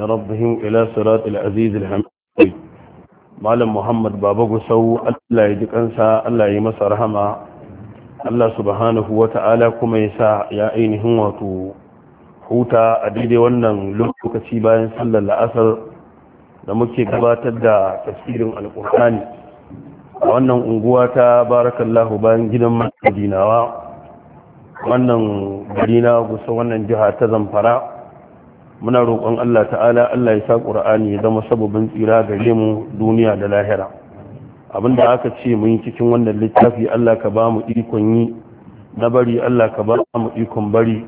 ربهم إلى صراط العزيز الحميد malam muhammad baba gusau allah ya ji kansa allah ya masa rahama allah subhanahu Wata'ala, kuma ya sa ya ainihin wato huta a daidai wannan lokaci bayan sallar la'asar da muke gabatar da tafsirin alkur'ani a wannan unguwa ta barakallahu bayan gidan madinawa wannan gari na gusa wannan jiha ta zamfara muna roƙon Allah ta'ala Allah ya sa ƙur'ani ya zama sababin tsira gare mu duniya da lahira abinda aka ce mun cikin wannan littafi Allah ka ba mu ikon yi na bari Allah ka ba mu ikon bari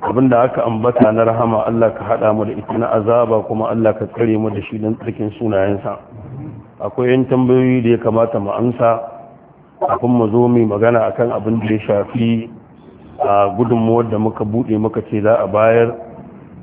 abinda aka ambata na rahama Allah ka haɗa mu da ita na azaba kuma Allah ka tsare mu da shi don tsarkin sunayensa akwai yan tambayoyi da ya kamata mu amsa kafin mu zo mu magana akan abin da ya shafi a gudunmuwar da muka buɗe muka ce za a bayar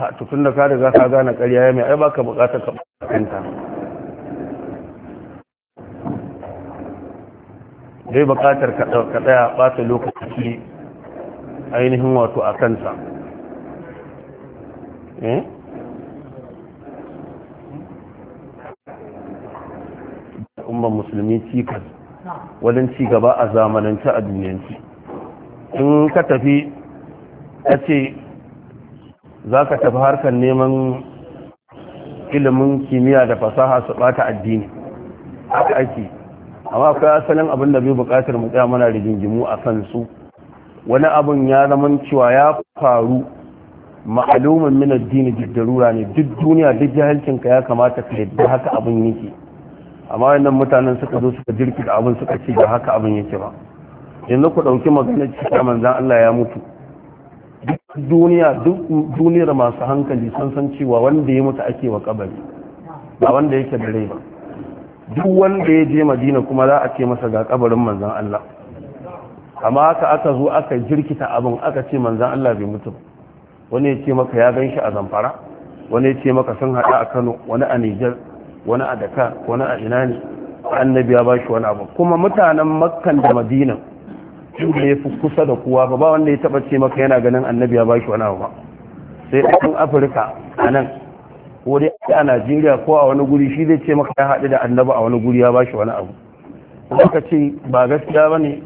a tutun da ka riga ka gane ƙarya ya mai ai baka buƙatar ka kanta dai buƙatar ka ba ta lokaci ainihin wato a kansa eh? umar musulmi cikas wajen ci gaba a zamanance a duniyanci in ka tafi a ce za ka tafi harkar neman ilimin kimiyya da fasaha su bata addini haka ake amma akwai asalin abin da bai bukatar mu tsaya mana rigingimu a kan su wani abin ya zama cewa ya faru ma'alumin min addini duk darura ne duk duniya duk jahilcin ka ya kamata ka yadda haka abin yake amma wannan mutanen suka zo suka jirki da abin suka ce da haka abin yake ba yanzu ku ɗauki maganar cikin manzan Allah ya mutu duk duniya duk duniyar masu hankali san san cewa wanda ya mutu ake wa kabari ba wanda yake da rai ba duk wanda ya je madina kuma za a ce masa ga kabarin manzan Allah amma haka aka zo aka jirkita abin aka ce manzan Allah bai mutu wani ya ce maka ya gan shi a zamfara wani ya ce maka sun haɗa a kano wani a nijar wani a daka wani a Inani ne annabi ya ba shi wani abu kuma mutanen makkan da madina inda ya fi kusa da kuwa ba ba wanda ya taba ce maka yana ganin annabi ya shi wani abu ba sai kan afirka a nan ko dai a najeriya ko a wani guri shi zai ce maka ya haɗu da annabi a wani guri ya shi wani abu kuma ka ce ba gaskiya ba ne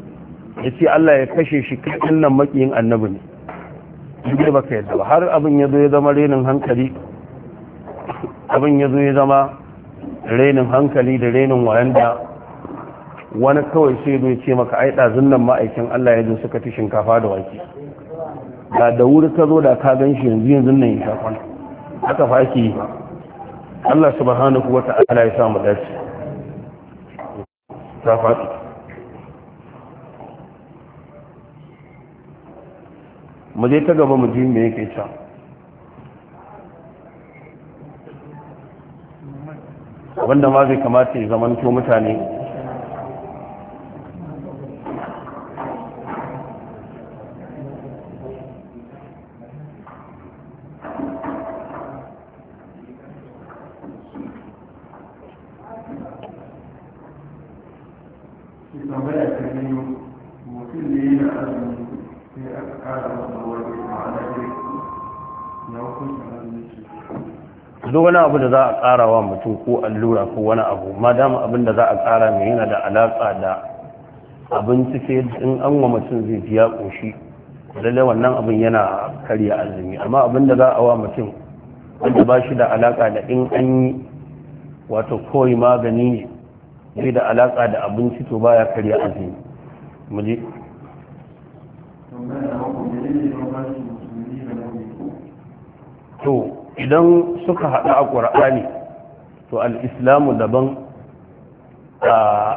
ya ce allah ya kashe shi kan nan makiyin annabi ne duk ba ka yadda ba har abin ya zo ya zama renin hankali abin ya zo ya zama renin hankali da renin wayanda wani kawai sai zai ce maka ai ɗazun nan ma'aikin Allah ya zo suka ci shinkafa da wake da da wuri ka zo da ka gan shi yanzu yanzu nan ya kwana haka fa ake yi Allah subhanahu wa ta'ala ya samu dace ta mu je ta gaba mu ji me yake cewa wanda ma zai kamata ya zamanto mutane wani abu da za a ƙara wa mutum ko allura ko wani abu madama abin da za a ƙara mai yana da alaƙa da abin cike in an wa mutum zai ji ya ƙoshi lalle wannan abin yana karya azumi amma abin da za a wa mutum wanda ba shi da alaƙa da in an yi wato koyi magani ne zai da alaƙa da abinci to baya karya azumi mu idan suka haɗu a ƙur'ani to al'islamu daban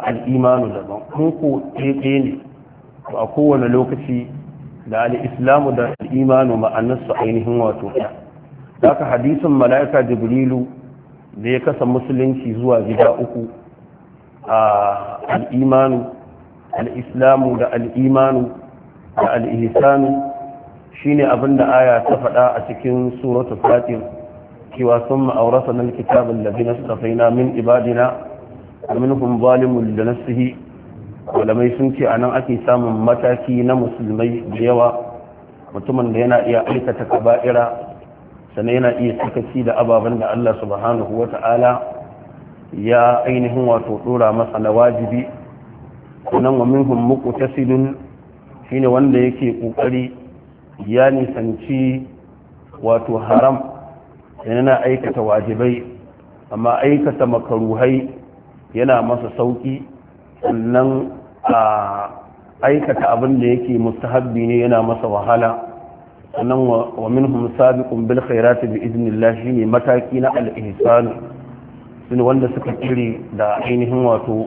al'imanu daban kun ɗaiɗe ne to a kowane lokaci da al'islamu da al'imanu ma'anarsu ainihin wato ɗaya ka hadisin mala'ika jibrilu da ya kasa musulunci zuwa gida uku a al'imanu al'islamu da al'imanu da al'ihisanu shine abin da aya ta faɗa a cikin suratu fatir cewa sun ma'aurasa na kitabin da bina na min ibadina a minhum zalimun da nasihi malamai sun ce a nan ake samun mataki na musulmai da yawa mutumin da yana iya aikata kaba'ira sannan yana iya sarkaci da ababen da Allah subhanahu wa ta'ala ya ainihin wato dora masa na wajibi sannan wa minhum muqtasidun shine wanda yake kokari ya nisanci wato haram yana aikata wajibai amma aikata makaruhai yana masa sauki sannan a aikata abin da yake mustahabbi ne yana masa wahala sannan wa minhum sabiqun bil khairati bi idnillah shine mataki na al-ihsan sune wanda suka kire da ainihin wato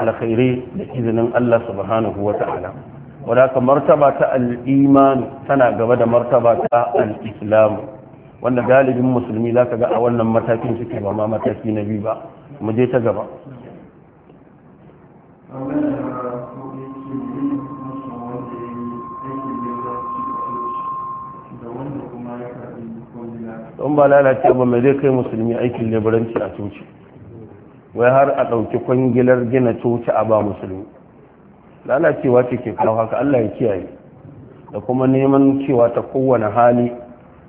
alkhairi da izinin Allah subhanahu wa ta'ala wadaka martaba ta al'imanu tana gaba da martaba ta al'islamu wanda galibin musulmi za ka ga a wannan matakin suke ba ma mataki na biyu ba mu je ta gaba don ba lalace ba mai zai kai musulmi aikin labaranci a coci wai har a ɗauki kwangilar gina coci a ba musulmi lalacewa ce ke kawo haka Allah ya kiyaye da kuma neman cewa ta kowane hali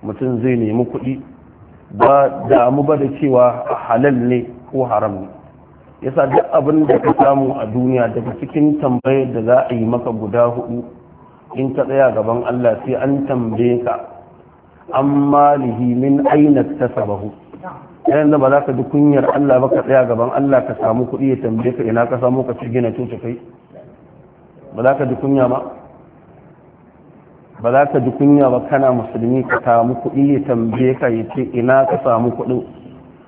mutum zai nemi kuɗi ba damu ba da cewa halal ne ko haram ne yasa duk abin da ka samu a duniya daga cikin tambayar da za a yi maka guda hudu in ka tsaya gaban Allah sai an tambaye ka an malihi min aina tasabahu yanzu ba za ka ji kunyar Allah ba ka tsaya gaban Allah ka samu kuɗi ya tambaye ka ina ka samu ka ci gina tuta kai ba za ka ji kunya ba ba za ka ji kunya ba kana musulmi ka samu kuɗi ya tambaye ka ya ce ina ka samu kuɗin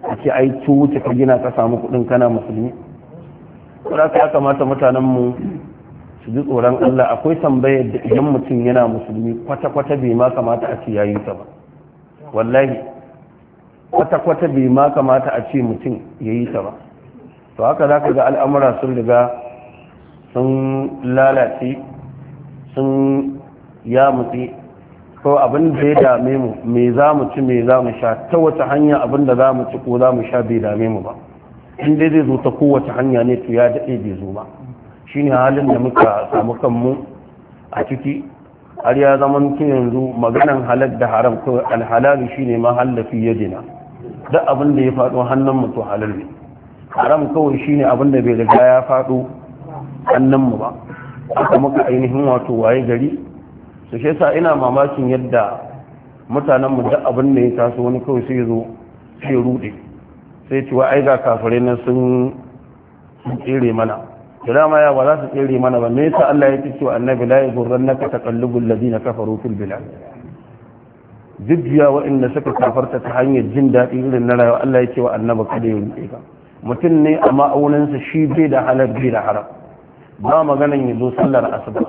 a ce ai wuce ka gina ka samu kuɗin kana musulmi ba za ka ya kamata mutanenmu su ji tsoron Allah akwai tambayar da idan mutum yana musulmi kwata-kwata bai ma kamata a ce yayi ta ba wallahi kwata-kwata bai ma kamata a ce mutum yayi ta ba to haka za ka ga al'amura sun riga sun lalace sun ya mutu ko abin da ya dame mu me za mu ci me za mu sha ta wace hanya abin da za mu ci ko za mu sha bai dame mu ba in dai zai zo ta kowace hanya ne to ya daɗe bai zo ba shi ne halin da muka samu kanmu a ciki har ya zama yanzu maganan halal da haram ko alhalalu shine ma hallafi ya dina duk abin da ya faɗo hannun mu to halal ne haram kawai shi ne abin da bai riga ya faɗo mu ba aka muka ainihin wato waye gari su shi sa ina mamakin yadda mutanenmu duk abin da ya taso wani kawai sai zo sai rude sai cewa ai ga kafare nan sun tsere mana kira ma ya ba za su tsere mana ba me yasa Allah ya ce cewa annabi la yughurrannaka taqallubul ladina kafaru fil bilad wa inna suka kafarta ta hanyar jin daɗi irin na rayuwa Allah ya ce wa annabi kada ya rude ka mutum ne amma aunansa shi bai da halar bai da haram ba maganan yanzu sallar asuba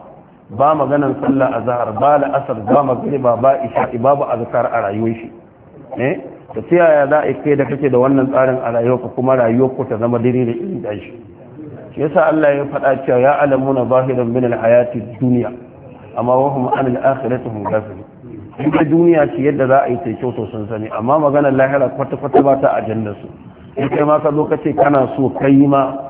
ba maganan sallar azhar ba da asar ba magriba ba isha babu azkar a rayuwar shi ne eh? ta yaya za a kai da kake da wannan tsarin a rayuwarka kuma rayuwarku ta zama dire da irin da shi shi yasa Allah ya faɗa cewa ya alamuna zahiran min al-hayati dunya amma wa hum an al-akhirati ghafilun duniya ce yadda za a yi ta kyau sun sani amma maganar lahira kwata kwata ba ta ajandar su in kai ma ka zo ka ce kana so kai ma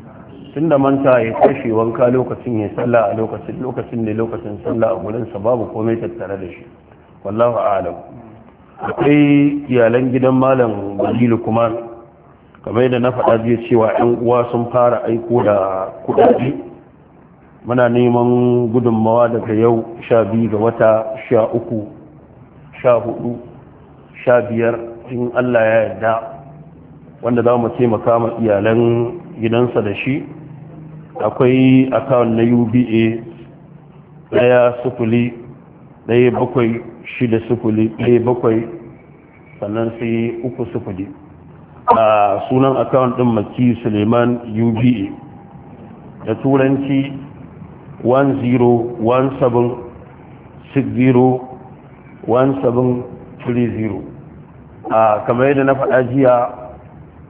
tun da manta ya kashe wanka lokacin ya sallah a lokacin lokacin da lokacin sallah a gurinsa babu komai tattare da shi wallahu alam akwai iyalan gidan malam wazilu kuma kamar da na faɗa jiya cewa yan uwa sun fara aiko da kuɗaɗe muna neman gudunmawa daga yau sha biyu ga wata sha uku sha hudu sha biyar in allah ya yarda wanda za mu taimaka ma iyalan gidansa da shi akwai akawun na uba ɗaya sufuli daya bakwai shida sufuli daya bakwai sannan sai uku sufuli a sunan akawun ɗin maki suleiman uba da turanci 1017601730 a kamar yadda na faɗa jiya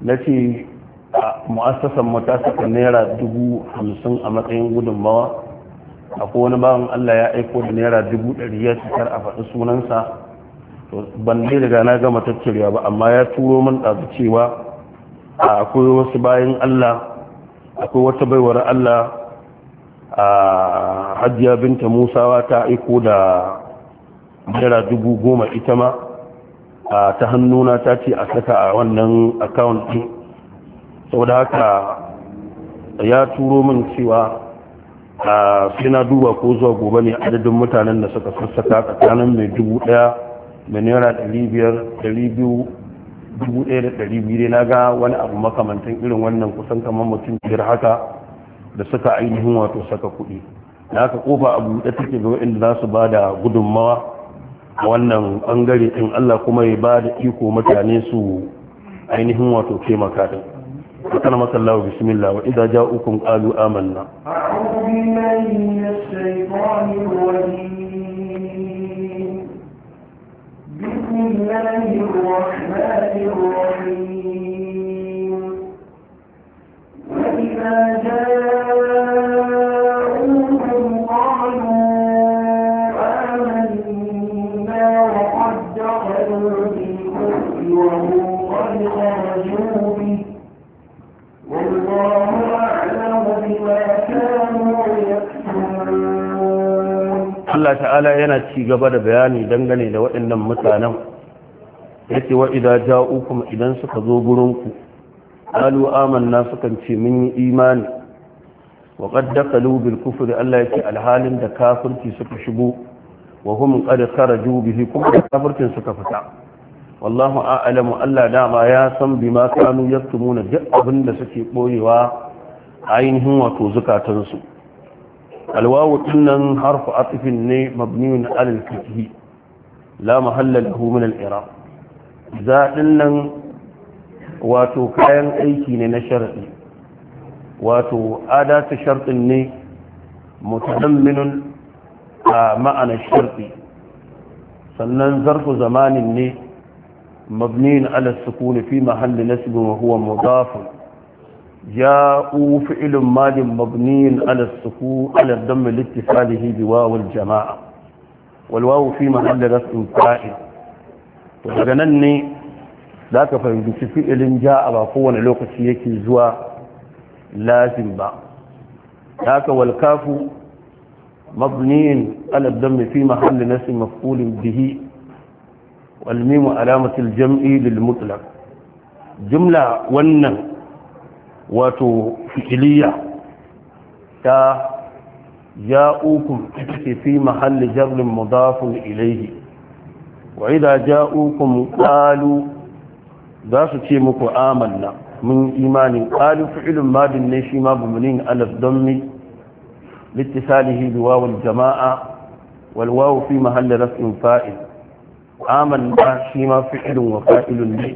na ce a mu'assasan mu ta naira dubu hamsin a matsayin gudunmawa akwai wani bawan allah ya aiko da naira dubu ɗari ya cikar a faɗi sunansa ban dai daga na gama tattarewa ba amma ya turo min ɗazu cewa akwai wasu bayan allah akwai wata baiwar allah a hajiya binta musawa ta aiko da naira dubu goma ita ma ta hannuna ta ce a saka a wannan akawun ɗin saboda haka ya turo min cewa a na duba ko zuwa gobe ne adadin mutanen da suka sassaka tsakanin mai dubu daya da naira dari biyar dari biyu dubu daya da dari biyu na ga wani abu makamantan irin wannan kusan kamar mutum biyar haka da suka ainihin wato saka kuɗi na haka kofa a buɗe take ga waɗanda za su ba da gudunmawa a wannan ɓangare in allah kuma ya ba da iko mutane su ainihin wato taimaka ɗin أكرمك الله بسم الله وإذا جاءوكم قالوا آمنا أعوذ بالله من الشيطان الرجيم بسم الله الرحمن الرحيم وإذا جاءوكم قالوا آمنا وقد دخلوا بالكفر وهم قد خرجوا Allah ta'ala yana ci gaba da bayani dangane da waɗannan mutanen yace wa idza ja'ukum idan suka zo gurinku qalu amanna sukan ce mun yi imani wa qad dakalu bil kufri Allah yake alhalin da kafirci suka shigo wa hum qad kharaju bihi kuma kafircin suka fita wallahu a'lamu Allah dama ya san bima kanu yaktumuna duk abin da suke boyewa ainihin wato zukatansu alwawo dinnan harfu atifin ne mabniyu na alil fitihi la mahalla da humin al'ira za dinnan wato kayan aiki ne na sharaɗi wato ada ta sharɗin ne mutanminun a ma'ana sharɗi sannan zarfu zamanin ne mabniyu na alil sukuni fi mahalli nasibin huwa mudafin ya'u fi'ilun madin mabniin ala suku ala damma littifalihi bi wawul jama'a wal wawu fi mahalli rasul fa'il to daga nan ne zaka fahimci fi'ilin ja'a ba kowane lokaci yake zuwa lazim ba haka wal kafu mabniin ala damma fi mahalli nasi mafulin bihi wal mimu alamatul jam'i lil mutlaq jumla wannan wato fi'iliya ta ja'ukum ita ce fi mahalli jarrin mudafun ilaihi wa idza ja'ukum qalu za su ce muku amanna mun imani qalu fi'ilun madin ne shi ma bumunin don mi litisalihi bi waw jamaa wal fi mahalli raf'in fa'il amanna shi ma fi'lun wa fa'ilun ne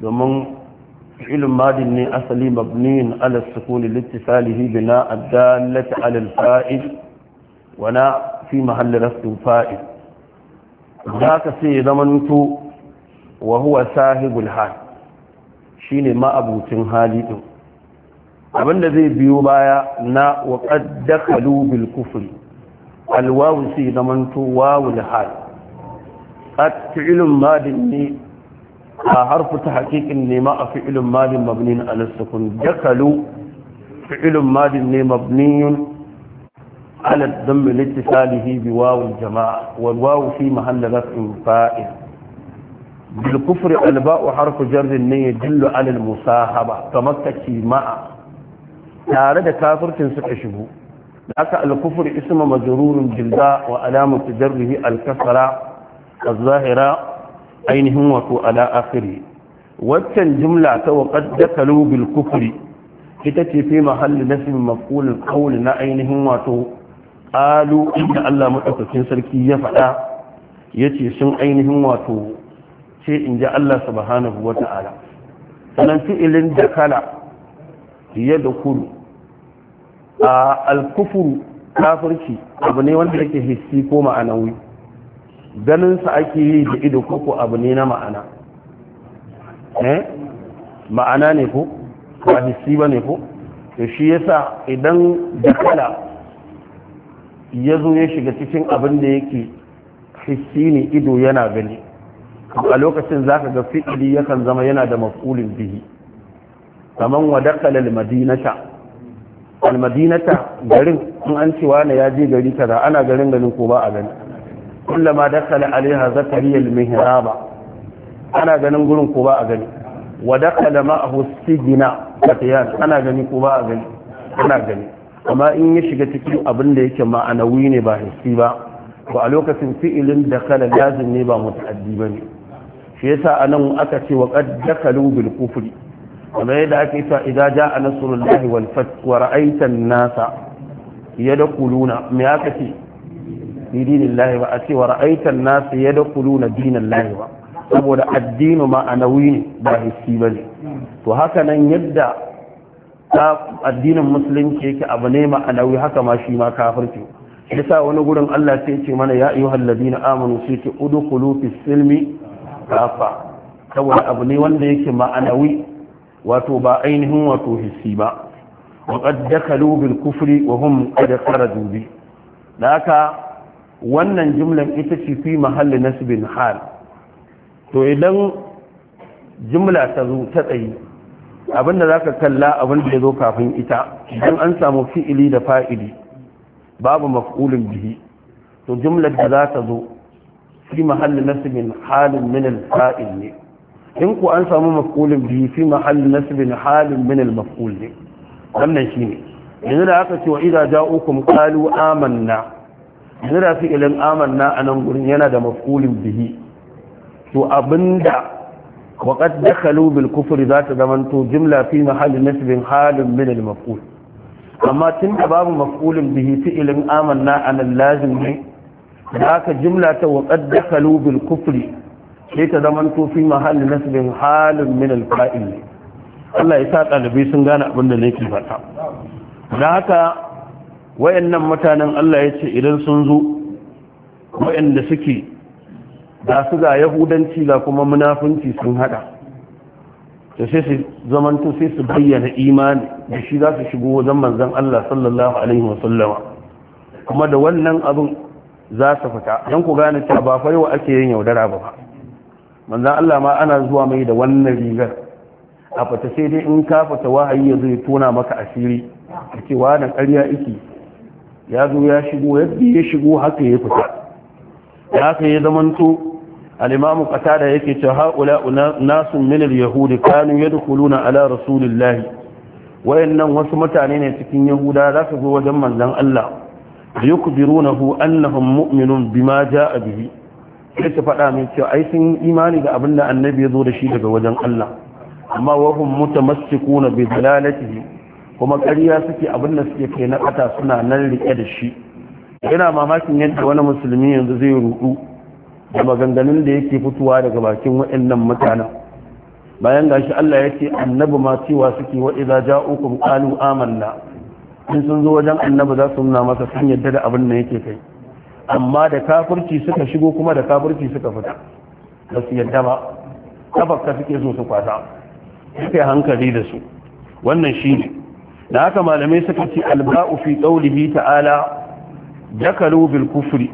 domin فعل ماض أصلي مبني على السكون لاتصاله بناء alal على الفائل wana fi mahalli rafin fa'id za ka sai zamanto wa huwa sahibul hal shi ne ma'abucin hali ɗin abinda zai biyo baya na wa ƙaddakalu bil kufri alwawu sai zamanto wawul hal a fi'ilin madin ne a harfu ta haƙiƙin nema a fi’ilun malin mabni na alasukun jakalu fi’ilun malin ne mabni yun alas don miliki salihi bi wawun jama’a wadwawu fi mahallarar in fa’in bilkufri alba’u harfu jarrin ne ya jillu alil musa haba ta kima’a tare da kafurkin suka shigo da aka alkufri isma majarurin jilda wa alamun jarrihi alkasara a zahira ainihin wato ala akhiri waccan jumla ta waqad dakalu bil kufri ita ce fi mahalli nasb maf'ul qawl na ainihin wato qalu inna Allah mutakassin sarki ya faɗa yace sun ainihin wato ce in ji Allah subhanahu wata'ala sanan fi'ilin dakala ya dakulu a al-kufru kafirci abu ne wanda yake hissi ko ma'anawi ganinsa ake yi da ido koko abu ne na ma'ana eh? ma'ana ne ko ba hissi ba ne ko to shi yasa idan dakala ya zo ya shiga cikin abin da yake hissi ne ido yana gani a lokacin za ka ga fi'ili yakan zama yana da mafulin bihi kamar wa dakala almadinata almadinata garin in an wa na ya je gari kaza ana garin ganin ko ba a gani kullama dakala alaiha zakariya al-mihraba ana ganin gurin ko ba a gani wa dakala ma'ahu sijina katiyan ana gani ko ba a gani ana gani amma in ya shiga cikin abin da yake ma'anawi ne ba hissi ba ko a lokacin fi'ilin dakala lazim ne ba muta'addi bane shi yasa anan aka ce wa qad dakalu bil kufri kamar yadda ake cewa idan ja'a nasrullahi wal fath wa ra'aita an-nasa yadkhuluna me aka ce fi dinillahi ba a ce wa ra'aitan nasu na dinallahi ba saboda addinu ma'anawi ne ba hissi ne to haka nan yadda addinin musulunci yake abu ne ma'anawi haka ma shi ma kafirci yasa wani gurin Allah sai ce mana ya ayyuhal ladina amanu sai ce udkhulu fis silmi kafa saboda abu ne wanda yake ma'anawi wato ba ainihin wato hissi ba وقد دخلوا بالكفر وهم قد خرجوا به ذاك wannan jimlan ita ce fi mahalli nasibin hal to idan jimla ta zo ta tsayi abinda za ka kalla abinda ya zo kafin ita idan an samu fi'ili da fa'ili babu maf'ulin bihi to jumlar da za ta zo fi mahalli nasibin halin min fa'il ne in ku an samu maf'ulin bihi fi mahalli nasibin halin min al-maf'ul ne wannan shine yanzu da aka ce wa idza ja'ukum qalu amanna yanzu da amanna a nan gurin yana da maf'ulin bihi to abinda waqad dakhalu bil kufuri za ta jumla fi mahalli nasbin halin min al maf'ul amma tun da babu maf'ulin bihi fi'ilin amanna a nan lazim ne da aka jumla ta waqad dakhalu bil sai ta zamanto fi mahalli nasbin halin min al fa'il Allah ya sa ɗalibai sun gane abin da nake faɗa. Da haka wayannan mutanen Allah ya ce idan sun zo wayanda suke da su ga yahudanci da kuma munafunci sun hada da sai su zamanto sai su bayyana imani da shi za su shigo wajen manzon Allah sallallahu alaihi wa sallama kuma da wannan abin za su fita yan ku gane cewa ba faiwa ake yin yaudara ba manzon Allah ma ana zuwa mai da wannan rigar a fata sai dai in ka fata wahayi ya zai tona maka asiri a cewa da ƙarya iki ya zo ya shigo yadda ya shigo haka ya fita ya haka ya zamanto al-imam da yake cewa haula nasun min yahudi kanu na ala rasulillah wayannan wasu mutane ne cikin yahuda za su zo wajen manzan Allah yukbirunahu annahum mu'minun bima jaa bihi sai ta faɗa min cewa ai sun imani da abin da annabi ya zo da shi daga wajen Allah amma wahum mutamassikuna bi dalalatihi kuma ƙarya suke abin da suke kai na ƙata suna nan riƙe da shi yana mamakin yadda wani musulmi yanzu zai rudu da maganganun da yake fitowa daga bakin waɗannan mutanen bayan gashi Allah ya ce annabi ma cewa suke wa idza ja'ukum qalu amanna in sun zo wajen annabi za su nuna masa sun yadda da abin da yake kai amma da kafirci suka shigo kuma da kafirci suka fita ba su yadda ba kafakka suke so su kwata suke hankali da su wannan shi da haka malamai suka ce alba'u fi qawlihi ta'ala dakalu bil kufri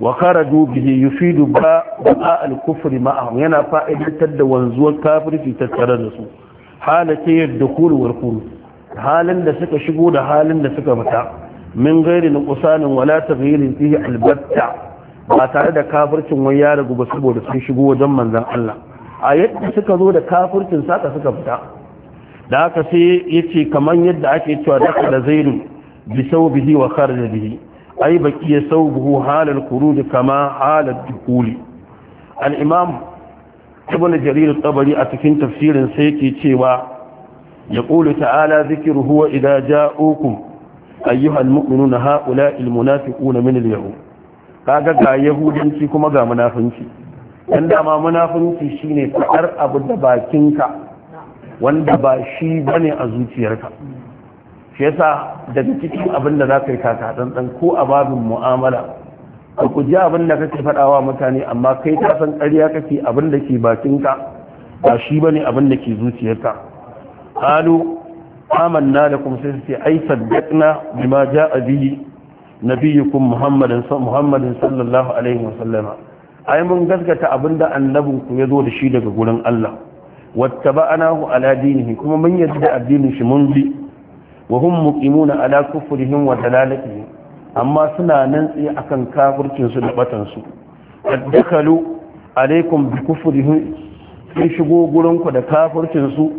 wa kharaju bihi yufidu ba'a al kufri ma'ahum yana fa'idatar da wanzuwar kafirci tattare da su halata yadkhulu wal khuruj halin da suka shigo da halin da suka fita min gairi nuqsanin wala taghyirin fihi albatta ba tare da kafircin wai ya ragu ba saboda sun shigo wajen manzan Allah a yadda suka zo da kafircin saka suka fita da haka sai ya ce kamar yadda ake cewa da zainu bi sau bihi wa da bihi ai ay baqiya sau buhu halar kama da kama halar dukuli al'imam tabbana at tsabari a cikin tafsirin sai ke cewa ƙoli ta'ala zikir huwa ayyuhan ja'ukum na mu'minuna ha'ula'il munafiquna min al-yahud kaga ga yahudanci kuma ga munafinci dan dama munafinci shine fadar abu da bakinka wanda ba shi ne a zuciyarka shi yasa daga cikin abin da za ka yi kaka tsantsan ko a babin mu'amala ka guji abin da kake faɗawa mutane amma kai ka san ƙarya kake abin da ke bakinka ba shi ne abin da ke zuciyarka halu amanna da kuma sai sai ai saddaqna bima ja'a bihi muhammadin muhammadin sallallahu alaihi sallama. ai mun gaskata abinda annabinku ya zo da shi daga gurin Allah wattaba'nahu ala dinihi kuma mun yadda addinin shi mun bi wa hum muqimuna ala kufrihim wa amma suna nan tsaye akan kafircin su da batan su addakalu alaikum bi kufrihim sun shigo gurin ku da kafircin su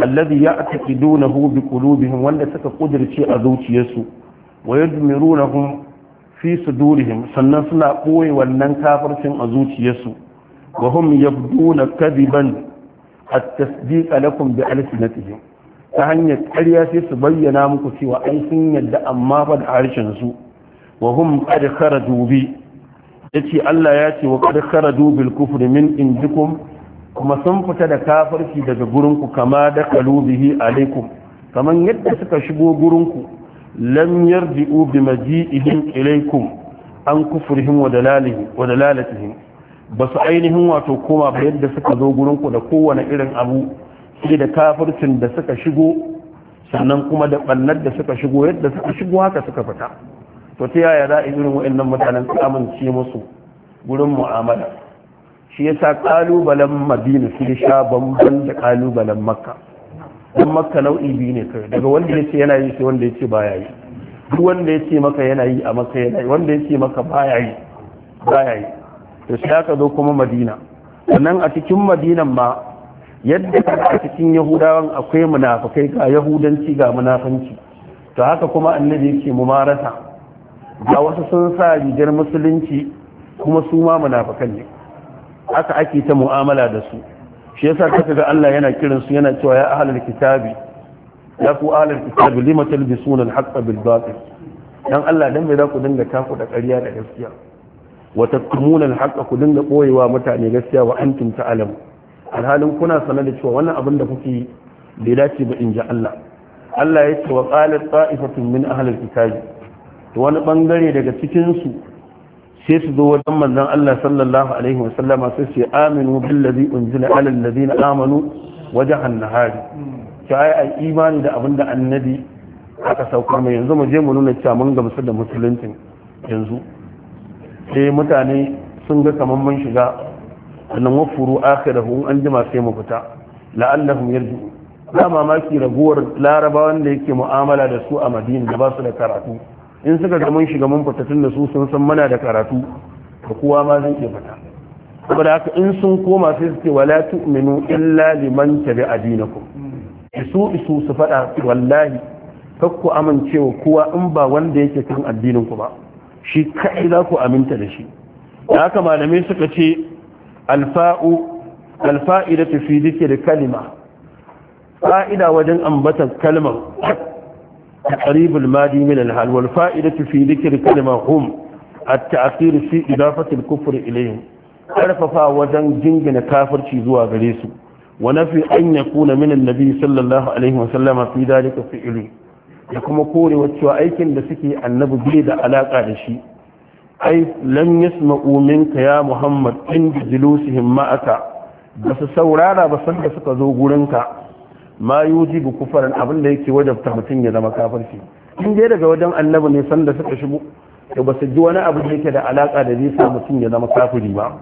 alladhi ya'taqidunahu bi qulubihim wanda suka kudirce a zuciyarsu wa yadmirunahum fi sudurihim sannan suna ɓoye wannan kafircin a zuciyarsu wa hum yabduna kadiban at-tasdiqa lakum bi alsinatihim ta hanyar karya sai su bayyana muku cewa ai sun yadda amma fa da harshen su wa hum qad kharaju bi yace Allah ya ce wa qad kharaju bil kufri min indikum kuma sun fita da kafarki daga gurinku kama da kalubihi alaikum kamar yadda suka shigo gurinku lam yarji'u bi maji'ihim ilaikum an kufrihim wa dalalatihim ba su ainihin wato koma ba yadda suka zo gurinku da kowane irin abu sai da kafircin da suka shigo sannan kuma da ɓannar da suka shigo yadda suka shigo haka suka fita to ta yaya za a irin wa'annan mutanen amince musu gurin mu'amala shi ya sa ƙalubalen madina sun sha bambam da ƙalubalen makka don makka nau'i biyu ne kai daga wanda ya ce yana yi sai wanda ya ce baya yi duk wanda ya ce maka yana yi a maka yana yi wanda ya ce maka baya yi baya yi to sai aka zo kuma madina sannan a cikin madinan ma yadda a cikin yahudawan akwai munafakai ga yahudanci ga munafanci to haka kuma annabi yake mumarasa ga wasu sun sa rigar musulunci kuma su ma munafukan ne haka ake ta mu'amala da su shi yasa kaka ga Allah yana kiran su yana cewa ya ahlul kitabi ya ku ahlul kitabi lima talbisuna al bil dan Allah dan me za ku dinga taku da ƙarya da gaskiya Wata tattumuna al ku dinga boyewa mutane gaskiya wa antum ta'lam alhalin kuna sana da cewa wannan abin da kuke bai dace ba in ji Allah Allah ya ce wa qalat ta'ifatun min ahli kitabi to wani bangare daga cikin su sai su zo wajen manzon Allah sallallahu alaihi wa sallama sai su aminu billazi unzila ala alladhina amanu wajhan nahari ta ai imani da da annabi aka saukar mai yanzu mu je mu nuna cewa mun gamsu da musuluncin yanzu sai mutane sun ga kamar mun shiga annan wafuru akhirahu an jima sai mu fita la'allahum yarju da mamaki raguwar laraba wanda yake mu'amala da su a madina da ba su da karatu in suka ga mun shiga mun fita tun da su sun san mana da karatu da kowa ma zai iya fita saboda haka in sun koma sai su ce wala tu'minu illa liman tabi'a dinakum isu isu su faɗa wallahi kakku amincewa kowa in ba wanda yake kan addinin ku ba shi kai ku aminta da shi da haka malamai suka ce alfa'u alfa'ida ta kalima fa'ida wajen ambatan kalmar a ƙaribul madi min alhal wal fa'ida ta fi hum a ta'asiri si idafatul kufur ilayhim karfafa wajen jingina kafarci zuwa gare su wa nafi an yakuna min annabi sallallahu alaihi wa sallama fi dalika fi'ilu da kuma korewa cewa aikin da suke annabi bai da alaka da shi ai lam yasma'u minka ya muhammad inda julusihim ma'aka ba su saurara ba san da suka zo gurinka ma yujibu kufaran abin da yake wajabta mutum ya zama kafirci in dai daga wajen annabi ne san da suka shigo to ba su ji wani abu da yake da alaka da zai sa mutum ya zama kafiri ba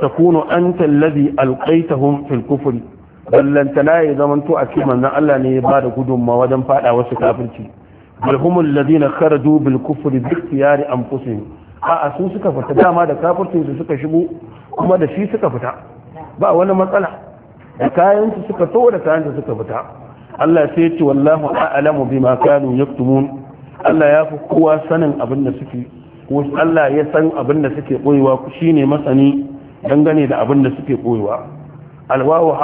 takunu anta alladhi alqaitahum fil kufri ballantana ya zamanto a cikin manzan Allah ne ya ba da gudunma wajen faɗa wasu kafirci bal humul ladina kharaju bil kufri bi ikhtiyari anfusihim a a su suka fita dama da kafircin su suka shigo kuma da shi suka fita ba wani matsala da kayan su suka to da kayan su suka fita Allah sai ya ce wallahu a'lamu bima kanu yaktumun Allah ya fi kowa sanin abin da suke ko Allah ya san abin da suke koyewa shine masani dangane da abin da suke koyewa الواو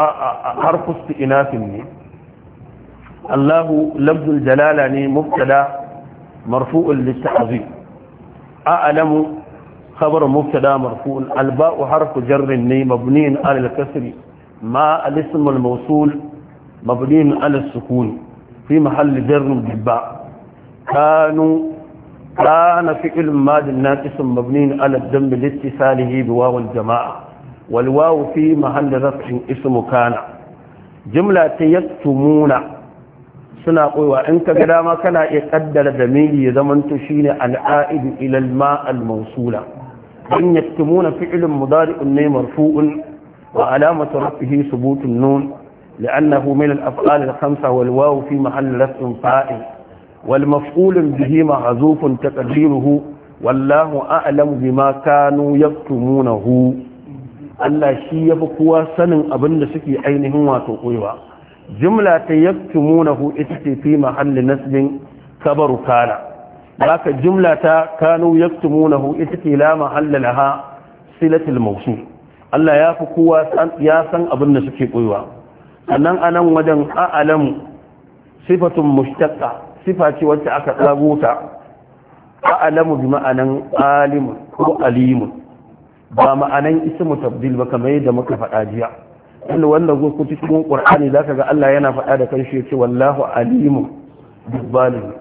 حرف استئناف الله لفظ الجلالة مبتدا مرفوع للتعظيم أعلم خبر مبتدا مرفوع الباء حرف جر مبني على الكسر ما الاسم الموصول مبني على السكون في محل جر بالباء كانوا كان فعل ماد ناقص مبني على الدم لاتصاله بواو الجماعه walwawu fi mahalli rafin ismu jimla ta yattu muna suna koyowa in ka ga dama kana iya ƙaddara da mili ya zama to shi ne al'a'id ilal ma al mansula in yattu muna fi ilin mudari'un ne marfu'un wa alamatu rafihi subutun nun لأنه من الأفعال الخمسة والواو في محل رفع فاعل والمفعول به معزوف تقديره والله أعلم بما كانوا يكتمونه Allah shi ya fi kowa sanin abin da suke ainihin wato koyewa jimla ta yaktumunahu ita ce fi mahalli nasbin kabaru kana ka jimla ta kanu yaktumunahu ita ce la mahalla laha silatul mawsul Allah ya fi kowa ya san abin da suke koyewa sannan anan wajen a'lamu sifatun mushtaqqa sifa ce wacce aka tsago ta a'lamu bi ma'anan alimun ko alimun ba ma'anan ismu tabdil ba kamar yadda muka faɗa jiya inda wanda go ku cikin qur'ani zaka ga Allah yana faɗa da kanshi yace wallahu alimun bizzalim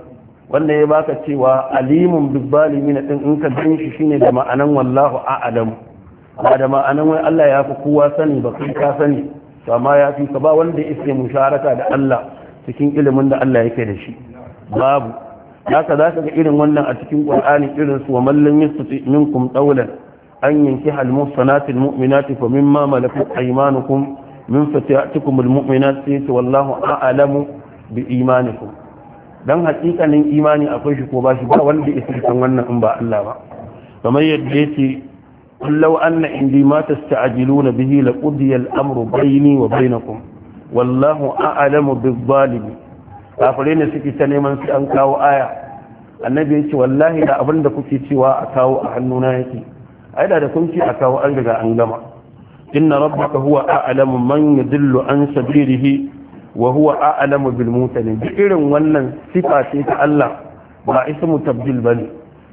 wanda ya baka cewa alimun bizzalimin din in ka gan shi shine da ma'anan wallahu a'lam ba da ma'anan wai Allah ya fi kowa sani ba kai ka sani to amma ya fi ka ba wanda yake musharaka da Allah cikin ilimin da Allah yake da shi babu haka za ka ga irin wannan a cikin ƙwar'ani irin su wa mallin yastati minkum daulan أن ينكح المحصنات المؤمنات فمما ملكت أيمانكم من فتياتكم المؤمنات والله أعلم بإيمانكم dan hakikanin imani akwai shi ko ba shi ba wanda ya san wannan in ba Allah ba kamar yadda yake kullau anna indi ma tasta'jiluna bihi la qudiya al-amru bayni wa bainakum wallahu a'lamu biz-zalimin kafirai ne suke ta neman su an kawo aya annabi yake wallahi da da kuke cewa a kawo a hannuna yake aida da kunci a kawo an daga an gama inna rabbaka huwa a'lamu man yadullu an sabilihi wa huwa a'lamu bil mutanin irin wannan sifa ta Allah ba ismu tabdil bane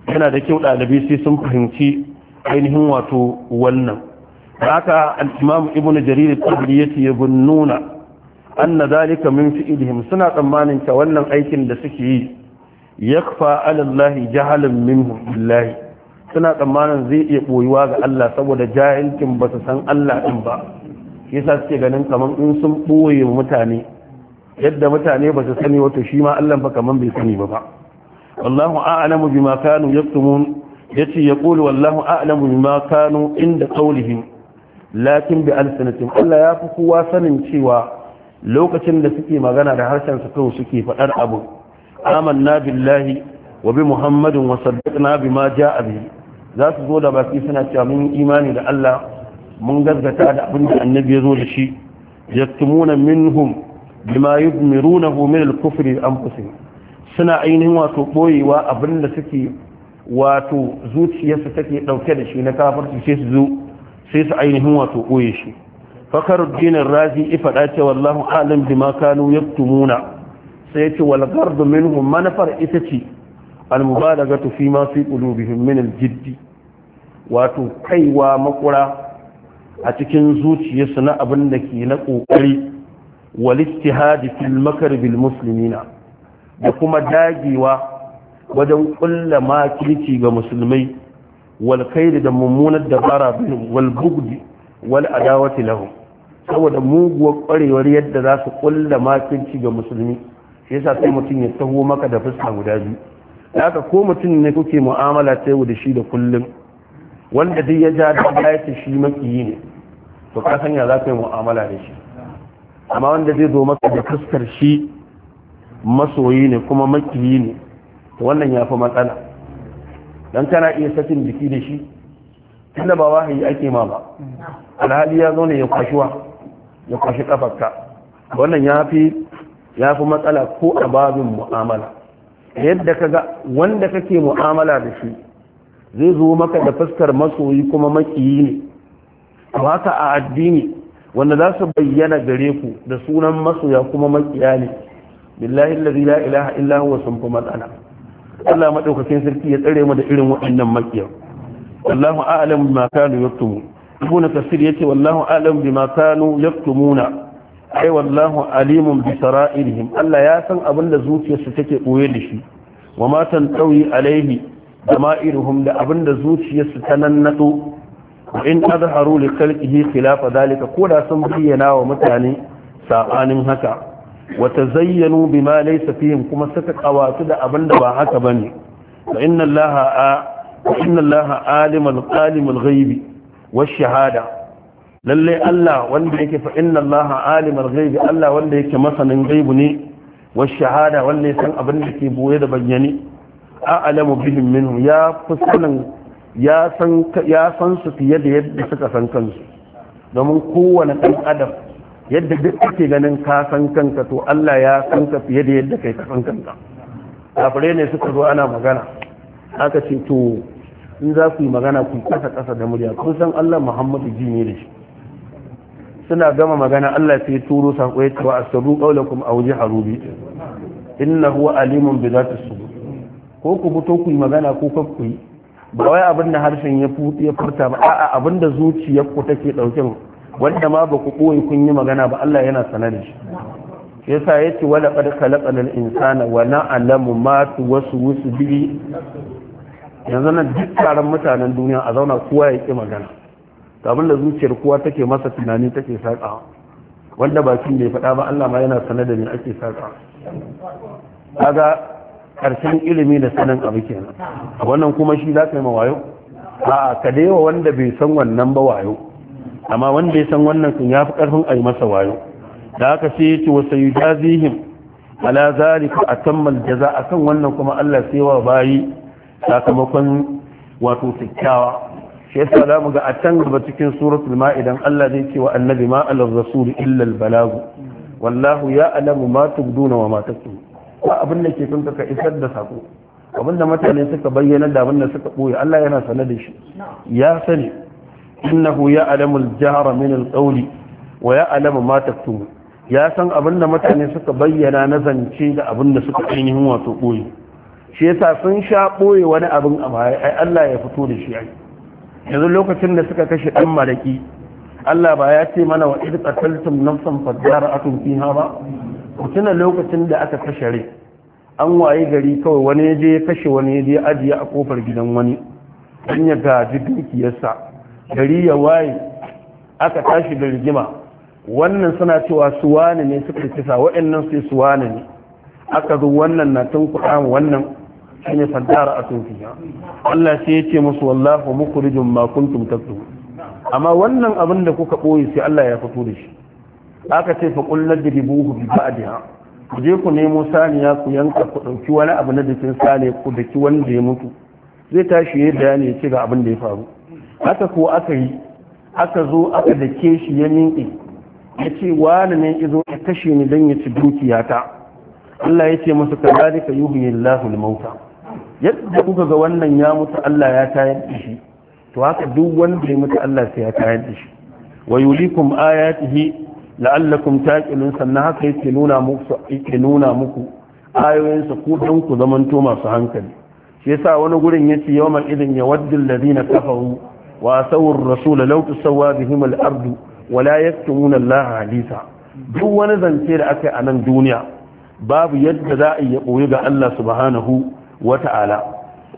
yana da kyau dalibi sai sun fahimci ainihin wato wannan haka al-imam ibnu jarir at tabri yace yabunnuna anna zalika min fi'lihim suna tsammanin ta wannan aikin da suke yi yakfa ala allahi jahalan minhum billahi suna tsammanin zai iya ɓoyuwa ga Allah saboda jahilcin ba su san Allah ɗin ba yasa suke ganin kamar in sun ɓoye mutane yadda mutane ba su sani wato shi ma Allah ba kamar bai sani ba ba wallahu a'lamu bima kanu yaktumun yace yaqulu wallahu a'lamu bima kanu inda qawlihim lakin bi alsanatin Allah ya fi kowa sanin cewa lokacin da suke magana da harshen su kawai suke faɗar abu amanna billahi wa bi muhammadin wa saddaqna bima ja'a bihi za su zo da baki suna cewa mun imani da Allah mun gaskata da abin da annabi ya zo da shi yaktumuna minhum bima yudmirunahu min al-kufri anfusihim suna ainihin wato boyewa abin da suke wato zuciyarsu take dauke da shi na kafirci sai su zo sai su ainihin wato boye shi fakaruddin razi ifada ce wallahu alam bima kanu yaktumuna sai ya ce wal ghardu minhum manafar ita ce almubalaghatu fi ma fi qulubihim min aljiddi wato kaiwa makura a cikin zuciyarsu na abin da ke na kokari wal ijtihadi fil makr bil muslimina da kuma dagewa wajen kulla makirci ga musulmai wal khair da mummunar dabara bin wal bugdi wal adawati lahum saboda muguwar kwarewar yadda za su kulla makirci ga musulmi shi yasa sai mutum ya taho maka da fuska guda biyu haka ko mutum ne kuke mu'amala ta yau da shi da kullum wanda duk ya ja da ya ce shi makiyi ne to ka sanya za ka yi mu'amala da shi amma wanda zai zo maka da fuskar shi masoyi ne kuma makiyi ne to wannan ya fi matsala don kana iya sakin jiki da shi tunda ba wahayi ake ma ba alhali ya zo ne ya ya kwashi kafarka wannan ya fi ya matsala ko a babin mu'amala yadda ka ga wanda kake mu'amala da shi zai zo maka da fuskar masoyi kuma makiyi ne haka a addini wanda za su bayyana gare ku da sunan masoya kuma makiya ne billahi allazi la ilaha illa huwa sun fi matsala Allah madaukakin sarki ya tsare mu da irin waɗannan makiya wallahu a'lam bima kanu yaktumu ibn tafsir yace wallahu a'lam bima kanu yaktumuna ai wallahu alimun bisara sara'irihim Allah ya san abin da zuciyarsu take boye da shi wa matan tantawi alaihi jama'iruhum da abin da zuciyarsu ta nannado wa in azharu li khalqihi khilafa zalika ko da sun bayyana wa mutane sabanin haka wa tazayyanu bima laysa fihim kuma suka kawatu da abin da ba haka bane fa inna allaha a inna allaha alimul qalimul ghaibi wash shahada lalle Allah wanda yake fa inna Allah alimul ghaibi Allah wanda yake masanin ghaibu ne wa shahada wanda san abin da ke boye da bayyane a'lamu bihim minhum ya fusanin ya san ya san su fiye da yadda suka san kansu domin kowane dan adam yadda duk kake ganin ka san kanka to Allah ya san ka fiye da yadda kai ka san kanka kafare ne suka zo ana magana aka ce to in za ku yi magana ku kasa kasa da murya kun san Allah Muhammadu ji da shi suna gama magana Allah sai turo sako ya tawa asru qawlakum aw jaharu bi innahu alimun bi zati sudur ko ku fito ku yi magana ko kar ku yi ba wai abin harshen ya futi ya furta ba a'a abin da zuciyar ku take daukin wanda ma ba ku koyi kun yi magana ba Allah yana sanar da shi yasa yace wala qad khalaqal insana wa na'lamu ma wasu bihi yanzu nan duk taron mutanen duniya a zauna kowa ya ki magana to abin da zuciyar kowa take masa tunani take saƙa wanda bakin bai faɗa ba Allah ma yana sanar da ni ake saƙa kaga ƙarshen ilimi da sanin abu kenan wannan kuma shi za ka yi mawayo a ka daiwa wanda bai san wannan ba wayo amma wanda ya san wannan sun yafi fi ƙarfin a yi masa wayo da haka sai yace wa wasu yi jazihim ala zalika a jaza a kan wannan kuma Allah sai wa bayi sakamakon wato kyakkyawa shi yasa za mu ga a can gaba cikin suratul ma'idan Allah zai ce wa annabi ma alal rasul illa al balagu wallahu ya alamu ma tubduna wa ma taktumu ba abin da ke kun ka isar da sako abin da mutane suka bayyana da abin da suka boye Allah yana sane da shi ya sani innahu ya alamu al jahra min al qawli wa ya alamu ma taktumu ya san abin da mutane suka bayyana na zance da abin da suka ainihin wato boye shi yasa sun sha boye wani abin a baya ai Allah ya fito da shi ai yanzu lokacin da suka kashe ɗan maraki Allah ba ya ce mana wa idh qataltum nafsan fadara'atun fiha ba ku tuna lokacin da aka kashe rai an waye gari kawai wani ya je ya kashe wani ya je ajiye a kofar gidan wani dan ya gaji dukiyarsa gari ya waye aka tashi da rigima wannan suna cewa suwane ne suka kisa waɗannan sai suwane ne aka zo wannan na tun kuɗa wannan shine fadara a fiha Allah sai ya ce musu wallahu mukhrijum ma kuntum taktum amma wannan abin da kuka boye sai Allah ya fito da shi aka ce fa qul nadribuhu bi ba'diha ku je ku nemo saniya ku yanka ku dauki wani abu na jikin saniya ku dauki wanda ya mutu zai tashi ya bayani ya ce ga abin da ya faru haka ko aka yi aka zo aka dake shi ya minke ya ce wani ne izo ya kashe ni don ya ci dukiyata Allah ya ce masa kazalika yuhyi Allahul mauta yadda kuka ga wannan ya mutu Allah ya tayar da shi to haka duk wanda ya mutu Allah sai ya tayar da shi wa yulikum ayatihi la'allakum taqilun sannan haka yake nuna muku yake nuna muku ayoyinsa ku dan ku zamanto masu hankali shi yasa wani gurin yace yawmal idin yawaddul ladina kafaru wa asawur rasul law tusawwa bihim al-ard wa la yaktumuna Allah hadisa duk wani zance da aka yi a nan duniya babu yadda za a yi koyi ga Allah subhanahu وتعالى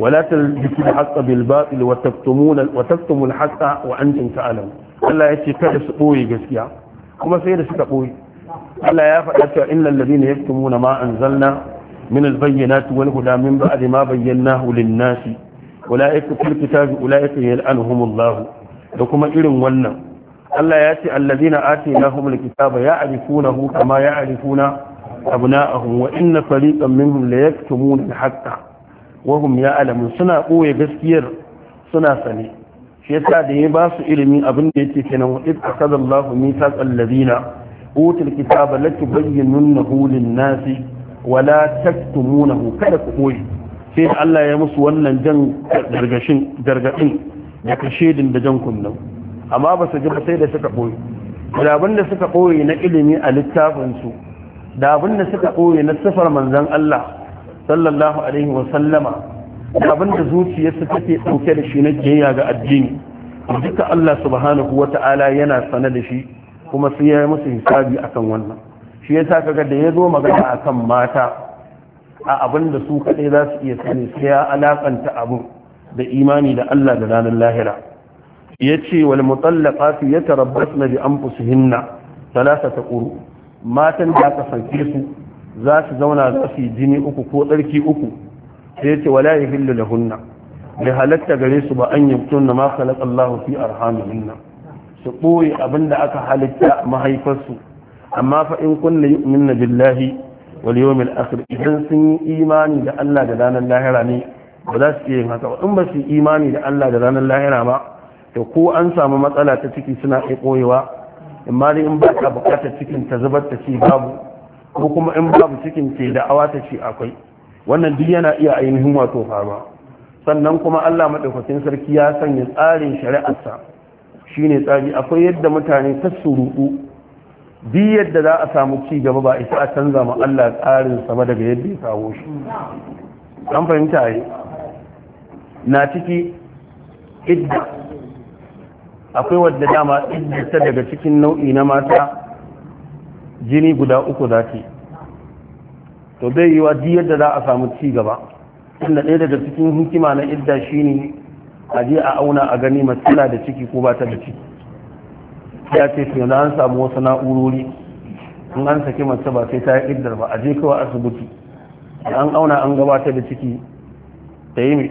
ولا تلبسوا الحق بالباطل وتكتمون وتكتموا الحق وانتم تعلمون الله يتي كذا سقوي غسيا كما سيدا suka koyi Allah ya faɗa cewa innal ladina yaktumuna ma anzalna min albayyinati wal huda min ba'di ma bayyanahu lin-nas ulaika fil kitabi ulaika yal'anuhumullah da kuma irin wannan Allah ya ce alladina atainahumul kitaba ya'rifunahu kama ya'rifuna abna'ahum wa inna fariqan wahum ya alamu suna ɓoye gaskiyar suna sane shi yasa da ya ba su ilimin abin da yake kenan wa idh akhadha Allahu mithaq alladhina utul kitaba la tubayyinunahu lin-nasi wa la taktumunahu kada ku ɓoye sai Allah ya musu wannan jan gargashin gargadin da kashedin da jan kunnan amma ba su ji ba sai da suka ɓoye da abin da suka ɓoye na ilimi a littafinsu da abin da suka ɓoye na sifar manzon Allah sallallahu alaihi wa sallama abin da zuciyarsa take ɗauke da shi na jiyya ga addini duka Allah subhanahu wa ta'ala yana sane da shi kuma sai ya yi musu hisabi akan wannan shi yasa ga da ya zo magana akan mata a abin da su kaɗai za su iya sani sai ya alakanta abu da imani da Allah da ranar lahira ya ce wal tarabbas na bi anfusihinna ta ƙuru, matan da aka sanke su za su zauna za su yi jini uku ko tsarki uku sai ce wala yahillu lahunna bai halatta gare su ba an yabtun na maka khalaqa Allahu fi hunna su boye abinda aka halitta mahaifarsu amma fa in kunna yu'minna billahi wal yawmil akhir idan sun yi imani da Allah da ranar lahira ne ba za su yin haka in ba su imani da Allah da ranar lahira ba to ko an samu matsala ta ciki suna iya koyewa amma in ba ka bukatar cikin ta zubar ta ci babu ko kuma in babu cikin ke da awa ta ce akwai wannan duk yana iya ainihin wato faruwa sannan kuma Allah madaukakin sarki ya sanya tsarin shari'arsa shine tsari akwai yadda mutane ta surutu Bi yadda za a samu ci gaba ba isa a canza mu Allah tsarin sama daga yadda ya kawo shi an fahimta yi na ciki idda akwai wadda dama idda ta daga cikin nau'i na mata jini guda uku za ta to bai yi wa yadda za a samu ci gaba inda ɗaya daga cikin hikima na idda shi ne a je a auna a gani matsala da ciki ko ba ta da ciki ya ce to yanzu an samu wasu na'urori in an saki mace ba sai ta yi iddar ba a je kawai asibiti an auna an gabata da ciki ta yi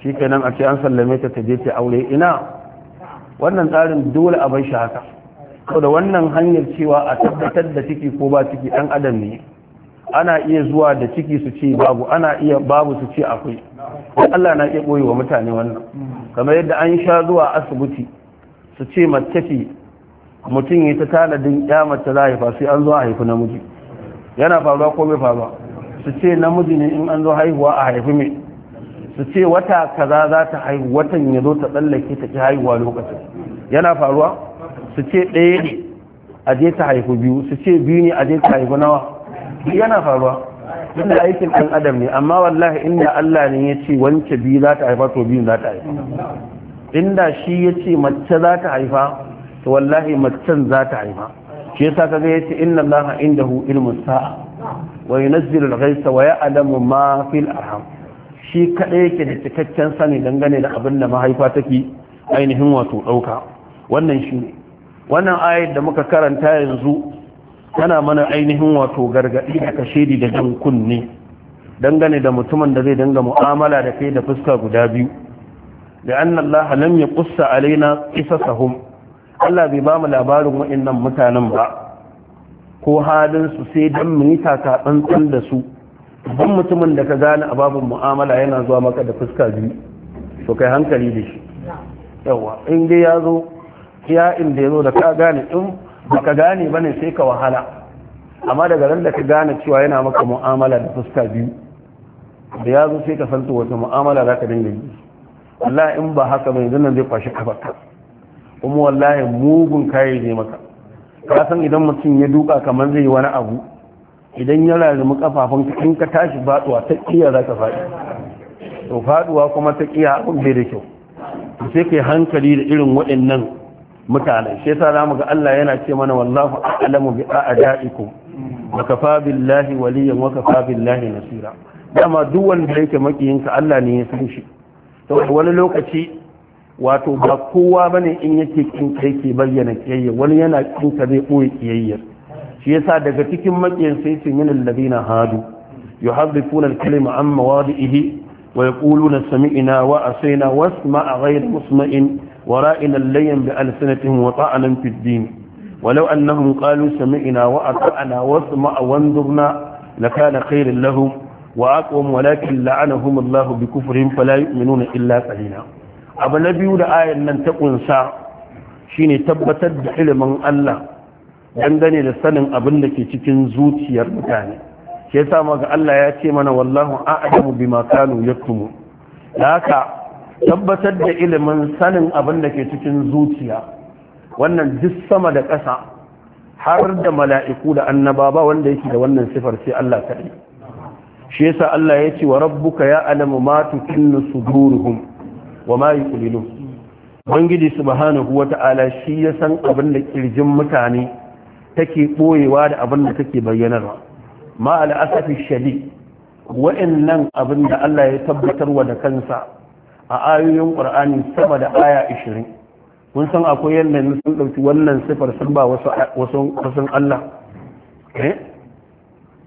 shi kenan a ce an sallame ta ta je ta aure ina wannan tsarin dole a bai shi haka to da wannan hanyar cewa a tabbatar da ciki ko ba ciki ɗan adam ne ana iya zuwa da ciki su ce babu ana iya babu su ce akwai Allah na iya koyi wa mutane wannan kamar yadda an sha zuwa asibiti su ce mace mutum ya ta tanadin ya mace za a haifa sai an zo a haifi namiji yana faruwa ko bai faruwa su ce namiji ne in an zo haihuwa a haifi mai su ce wata kaza za ta haihu watan ya zo ta tsallake ta ki haihuwa lokacin yana faruwa su ce ɗaya ne a je ta haifu biyu su ce biyu ne a je ta haifu nawa yana faruwa inda aikin ɗan adam ne amma wallahi inda Allah ne ya ce wance biyu za ta haifa to biyu za ta haifa inda shi ya ce mace za ta haifa to wallahi macen za ta haifa shi sa kaga ya ce inna Allah indahu ilmu sa'a wa yunzilu al-ghaytha wa ya'lamu ma fil arham shi kada yake da cikakken sani dangane da abin da mahaifa take ainihin wato dauka wannan shi ne wannan ayat da muka karanta yanzu tana mana ainihin wato gargaɗi da kashedi da jan kunne dangane da mutumin da zai dinga mu'amala da kai da fuska guda biyu da an Allah lam ya kussa alaina qisasahum Allah bai bamu labarin waɗannan mutanen ba ko halin su sai dan mu yi taka tsantsan da su dan mutumin da ka gane a babun mu'amala yana zuwa maka da fuska biyu to kai hankali da shi yawa in dai ya zo kiya inda ya zo da ka gane in baka gane bane sai ka wahala amma daga ran da ka gane cewa yana maka mu'amala da fuska biyu da ya zo sai ka san wata mu'amala za ka dinga yi wallahi in ba haka ba yanzu nan zai kwashi kafarka kuma wallahi mugun kai ne maka ka san idan mutum ya duka kamar zai yi wani abu idan ya rarrumi kafafun ka in ka tashi faduwa ta kiya za ka faɗi to faduwa kuma ta kiya abin bai da kyau sai kai hankali da irin waɗannan mutane shi yasa zamu ga Allah yana ce mana wallahu a'lamu bi a'daikum wa kafa billahi waliyyan wa kafa billahi nasira dama duk wanda yake makiyinka Allah ne ya san shi to wani lokaci wato ba kowa bane in yake kin kai ke bayyana kiyayya wani yana kin ka zai boye kiyayyar shi yasa daga cikin makiyin sai su min alladhina hadu yuhaddifuna al-kalima an mawadihi wa yaquluna sami'na wa asayna wasma'a ghayra musma'in ورائنا اللين بألسنتهم وطعنا في الدين ولو أنهم قالوا سمعنا وأطعنا واسمع وانظرنا لكان خير لهم وأقوم ولكن لعنهم الله بكفرهم فلا يؤمنون إلا قليلا abu na biyu da ayan nan ta kunsa shine tabbatar da ilimin Allah dandane da sanin abin da ke cikin zuciyar mutane ke sa maga Allah ya ce mana wallahu a'lamu bima haka tabbatar da ilimin sanin abin da ke cikin zuciya wannan duk sama da ƙasa har da mala'iku da annaba ba wanda yake da wannan sifar sai Allah kaɗai shi yasa Allah ya ce wa rabbuka ya alamu ma tukinnu suduruhum wa ma kulilu bangiji subhanahu wata'ala shi ya san abin da kirjin mutane take boyewa da abin da take bayyanarwa ma al'asafi shadi nan abin da Allah ya tabbatarwa da kansa a ayoyin qur'ani sama da aya 20 mun san akwai yadda yanda sun ɗauki wannan sifar sun ba wasu wasu Allah eh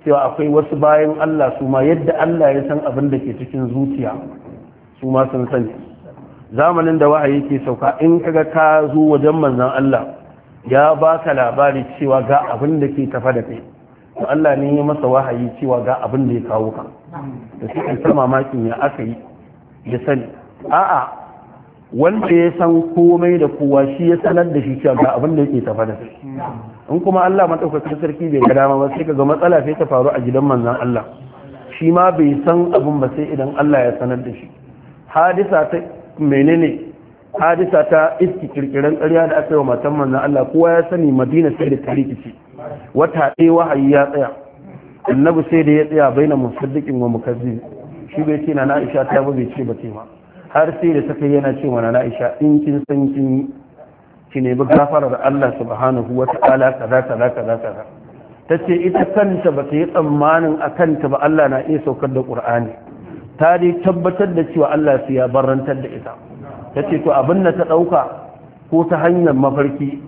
cewa akwai wasu bayan Allah su ma yadda Allah ya san abin da ke cikin zuciya su ma sun sani zamanin da wa'ayi ke sauka in kaga ka zo wajen manzan Allah ya ba ka labari cewa ga abin da ke tafa da kai to Allah ne ya masa wahayi cewa ga abin da ya kawo ka da sai kan ta makin ya aka yi ya sani a'a wanda ya san komai da kowa shi ya sanar da shi cewa ga abin da yake tafa da shi in kuma Allah madaukakin sarki bai ga dama ba sai kaga matsala sai ta faru a gidan manzon Allah shi ma bai san abin ba sai idan Allah ya sanar da shi hadisa ta menene hadisa ta iski kirkiran ƙarya da aka yi wa matan manzan Allah kowa ya sani madina sai da tariki ce wata ɗaya wahayi ya tsaya annabi sai da ya tsaya baina musaddiqin wa mukazzi shi bai ce na Aisha ta ba bai ce ba ce ma har sai da ta kai yana ce na na'isha in kin san kin ki gafarar Allah subhanahu wa ta'ala kaza kaza kaza kaza ce ita kanta ba ta yi tsammanin a kanta ba Allah na iya saukar da ƙur'ani ta dai tabbatar da cewa Allah su ya barantar da ita tace to abin da ta ɗauka ko ta hanyar mafarki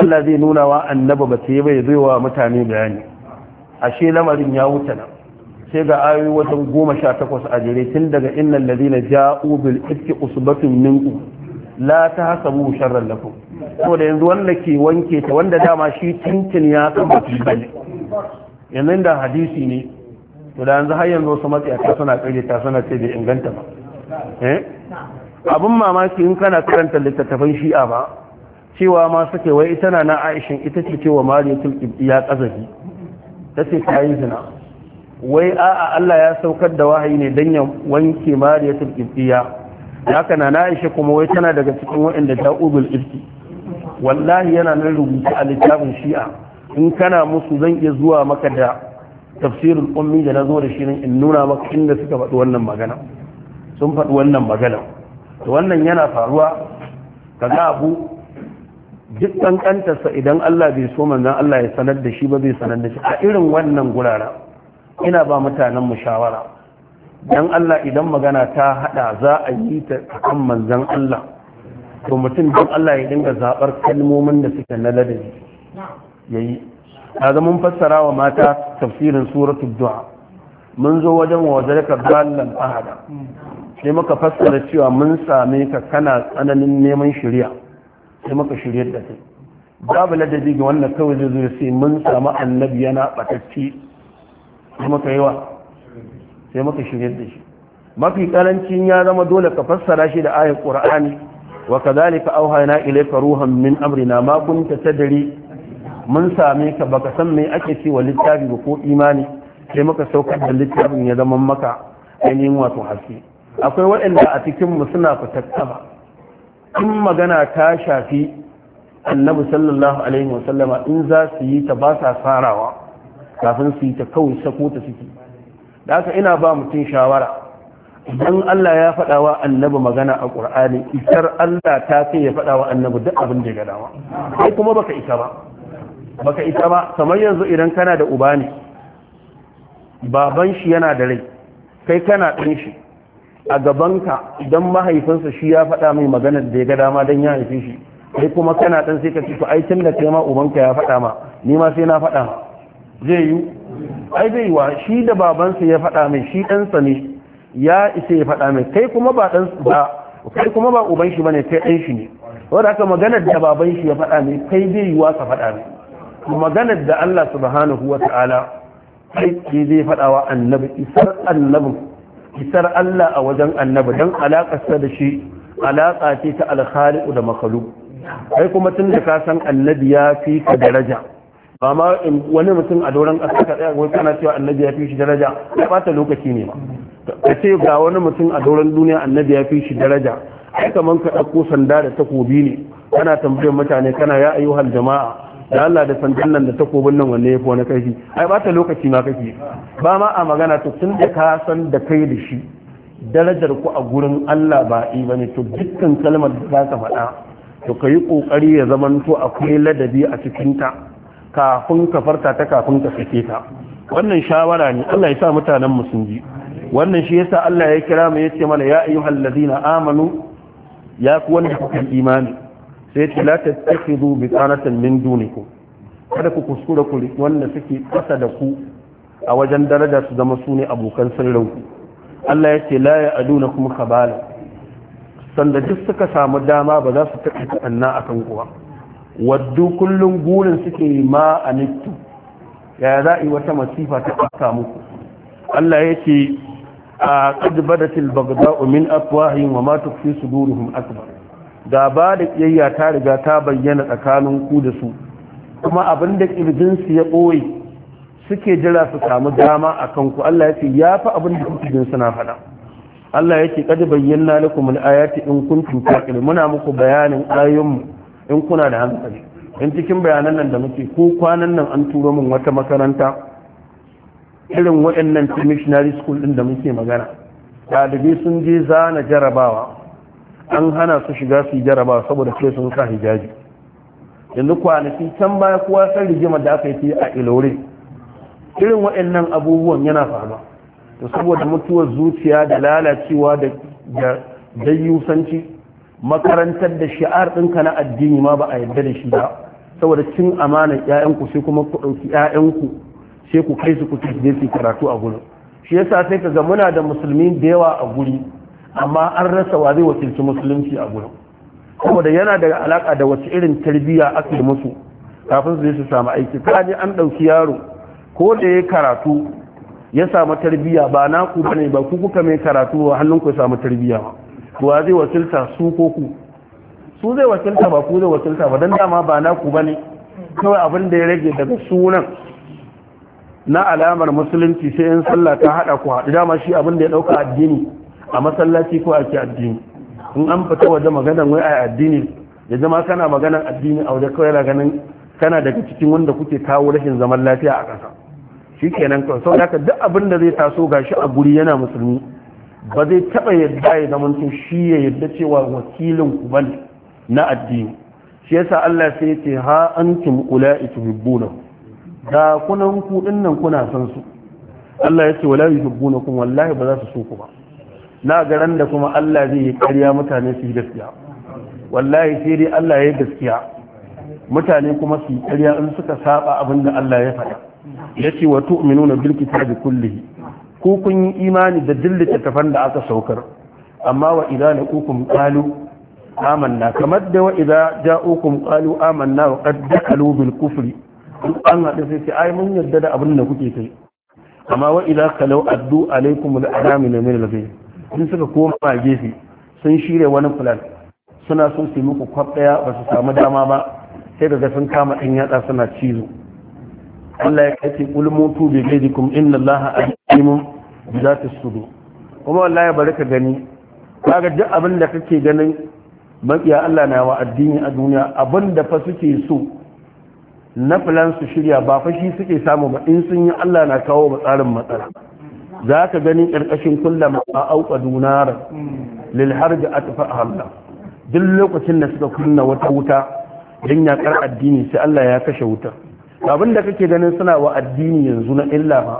Allah zai nuna wa annaba ba ta yi bai zai wa mutane bayani ashe lamarin ya wuce nan sai ga ayoyi wajen goma sha takwas a jere tun daga innan ladina ja'u bil ifki usbatun minku la ta hasabu sharran lakum da yanzu wanda ke wanke ta wanda dama shi tintin ya san ba bane yanzu da hadisi ne to da yanzu har yanzu matsaya ta suna kare ta suna ce bai inganta ba eh abin mamaki in kana karanta littattafan shi'a ba cewa ma suke wai ita na na aishin ita ce cewa mariyatul ibdi ya kazafi ta ce ta yi zina wai a'a Allah ya saukar da wahayi ne dan ya wanke mariyatul qibtiyya haka na Aisha kuma wai tana daga cikin waɗanda da'ubul ibti wallahi yana nan rubuta a littafin shi'a in kana musu zan iya zuwa maka da tafsirin ummi da na zo da shi in nuna maka inda suka faɗi wannan magana sun faɗi wannan magana to wannan yana faruwa kaga abu duk ƙanƙantarsa idan Allah bai so manzon Allah ya sanar da shi ba zai sanar da shi a irin wannan gurara ina ba mutanen mu shawara dan Allah idan magana ta hada za a yi ta kan manzon Allah to mutum don Allah ya dinga zabar kalmomin da suke na ladabi yayi kaga mun fassara wa mata tafsirin suratul du'a mun zo wajen wa zalika dallan ahada sai muka fassara cewa mun same ka kana tsananin neman shirya sai muka shiryar da kai babu ladabi ga wannan kawai zai zo sai mun samu annabi yana batacci sai maka yawa sai maka da shi mafi karancin ya zama dole ka fassara shi da ayar ƙura'ani wa na auhayna ka ruhan min amrina ma ta sadari mun same ka baka san mai ake wa littafi ba ko imani sai maka saukar da littafin ya zama maka ainihin wato haske akwai waɗanda a cikin mu suna fitattaba in magana ta shafi annabi sallallahu alaihi wasallama in za su yi ta ba sa sarawa kafin su yi ta kawai sako ta suke da haka ina ba mutum shawara idan Allah ya faɗa wa annabi magana a ƙur'ani isar Allah ta ce ya faɗa wa annabi duk abin da ya gada sai kuma baka isa ba baka isa ba kamar yanzu idan kana da uba ne baban shi yana da rai kai kana ɗin shi a gabanka idan mahaifinsa shi ya faɗa mai magana da ya ga dama don ya haife shi kai kuma kana ɗan sai ka ce to ai tun da kai ma ubanka ya faɗa ma ni ma sai na faɗa ma zai yi ai bai wa shi da babansa ya faɗa mai shi ɗansa ne ya isa ya faɗa mai kai kuma ba ɗansa ba kai kuma ba uban shi bane kai ɗan shi ne wanda aka maganar da baban shi ya faɗa mai kai bai yi wa ka faɗa mai magana da Allah subhanahu wa ta'ala kai ke zai faɗa wa annabi isar annabin isar Allah a wajen annabi don alaƙarsa da shi alaƙa ce ta alkhaliku da makalu kai kuma tun da ka san annabi ya fi ka daraja ba ma wani mutum a doron ƙasa ka tsaya wai kana cewa annabi ya fi shi daraja ya bata lokaci ne ma ka ce ga wani mutum a doron duniya annabi ya fi shi daraja ai kaman ka ɗauko sanda da takobi ne kana tambayar mutane kana ya hal jama'a da Allah da sandan nan da takobin nan wanne yafi wani kai ai ba lokaci ma kake ba ma a magana to tun da ka san da kai da shi darajar ku a gurin Allah ba i bane to dukkan kalmar da za ka faɗa to kai kokari ya zaman to akwai ladabi a cikin ta kafin ka farta ta kafin ka sake ta wannan shawara ne Allah ya sa mutanen mu sun ji wannan shi yasa Allah ya kira mu yace mana ya ayyuhal ladina amanu ya ku wanda kuka imani sai ce la tattakhidhu bitanatan min dunikum kada ku kuskura ku wanda suke kasa da ku a wajen daraja su zama su ne abokan sirrin ku Allah yace la ya'dunakum khabala sanda duk suka samu dama ba za su taɓa anna akan kuwa waddu kullum burin suke yi ma a nittu Yaya za a yi wata masifa ta ƙasa muku Allah ya ce a ƙadbadatil bagda'u min afwahin wa ma su suduruhum akbar gaba da kiyayya ta riga ta bayyana tsakanin ku da su kuma abin da kirjin ya ɓoye suke jira su samu dama a kanku Allah ya ce ya fi abin da kuke jin suna faɗa Allah ya ce kad bayyana lakum al-ayati in kuntum taqilun muna muku bayanin ayoyinmu in kuna da hankali in cikin bayanan nan da muke ko kwanan nan an turo min wata makaranta irin waɗannan missionary school ɗin da muke magana ɗalibai sun je zana jarabawa an hana su shiga su yi jarabawa saboda sai sun sa hijabi yanzu kwanaki can baya kowa san rigima da aka yi a ilore irin waɗannan abubuwan yana faruwa to saboda mutuwar zuciya da lalacewa da dayyusanci makarantar da shi'ar ɗinka na addini ma ba a yarda da shi ba saboda cin amana ƴaƴanku sai kuma ku ɗauki ƴaƴanku sai ku kai su ku je su karatu a gurin shi yasa sai ka ga muna da musulmi da yawa a guri amma an rasa wa zai wakilci musulunci a gurin saboda yana da alaka da wace irin tarbiyya aka yi musu kafin su je su samu aiki ka je an ɗauki yaro ko da ya karatu ya samu tarbiyya ba naku bane ba ku kuka mai karatu ba hannun ku samu tarbiyya ba wa zai wasilta su ko ku su zai wasilta ba ku zai wasilta ba don dama ba na ku ba ne kawai abin da ya rage daga sunan na alamar musulunci sai yin sallah ta haɗa ku haɗu dama shi abin da ya ɗauka addini a masallaci ko ake addini in an fita waje maganar wai a addini ya zama kana maganan addini a waje kawai ganin kana daga cikin wanda kuke kawo rashin zaman lafiya a ƙasa shi kenan kawai sau abin da zai taso gashi a guri yana musulmi ba zai taɓa yadda ya zamanto shi ya yadda cewa wakilin ku bane na addini shi yasa Allah sai ce ha antum ula'i tuhibbuna da kunan ku dinnan kuna san su Allah ya ce wala kum wallahi ba za su so ku ba na garan da kuma Allah zai yi ƙarya mutane su yi gaskiya wallahi sai dai Allah ya yi gaskiya mutane kuma su yi ƙarya in suka saba abin da Allah ya faɗa yace wa tu'minuna bil kitabi kullihi ko kun yi imani da duk littattafan da aka saukar amma wa idza laqukum qalu amanna kamar da wa idza ja'ukum qalu amanna wa qad dakalu bil kufri an hada sai ce ai mun yarda da abin da kuke kai amma wa idza kalau addu alaikum al adami min al ghayb sun suka koma gefe sun shirya wani plan suna son su muku kwab daya ba su samu dama ba sai daga sun kama ɗan yatsa suna cizo Allah ya kace kul mutu bi gaidikum inna Allah alim bi zati sudur kuma wallahi ya ka gani kaga duk abin da kake ganin makiya Allah na wa addini a duniya abinda da fa suke so na filan su shirya ba fa shi suke samu ba in sun yi Allah na kawo ba tsarin matsala za ka gani ƙarƙashin kullama a auka dunarar lil da atafa a hamla duk lokacin da suka kunna wata wuta don yaƙar addini sai Allah ya kashe wuta abin da kake ganin suna wa addini yanzu na illa ba,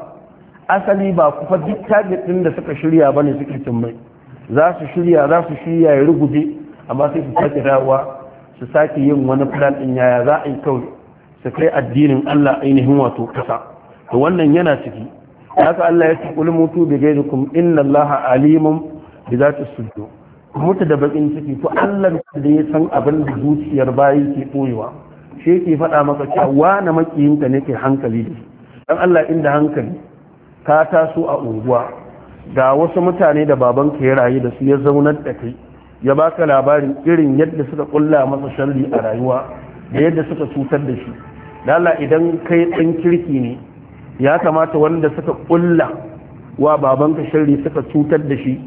asali ba kufa duk target da suka shirya ba ne suke cin mai za su shirya za su shirya ya ruguje amma sai su sake dawowa su sake yin wani plan din yaya za a yi kawai su kai addinin Allah ainihin wato kasa to wannan yana ciki haka Allah ya ce kul mutu bi ghayrikum inna Allah alimun bi zati sudur mutu da bakin ciki to Allah da ya san abin da zuciyar bayi ke koyewa shi yake faɗa maka cewa na makiyinka ne ke hankali da shi dan Allah inda hankali ka taso a unguwa ga wasu mutane da babanka ya rayu da su ya zaunar da kai ya baka labarin irin yadda suka kulla masa sharri a rayuwa da yadda suka cutar da shi lala idan kai ɗan kirki ne ya kamata wanda suka kulla wa babanka sharri suka cutar da shi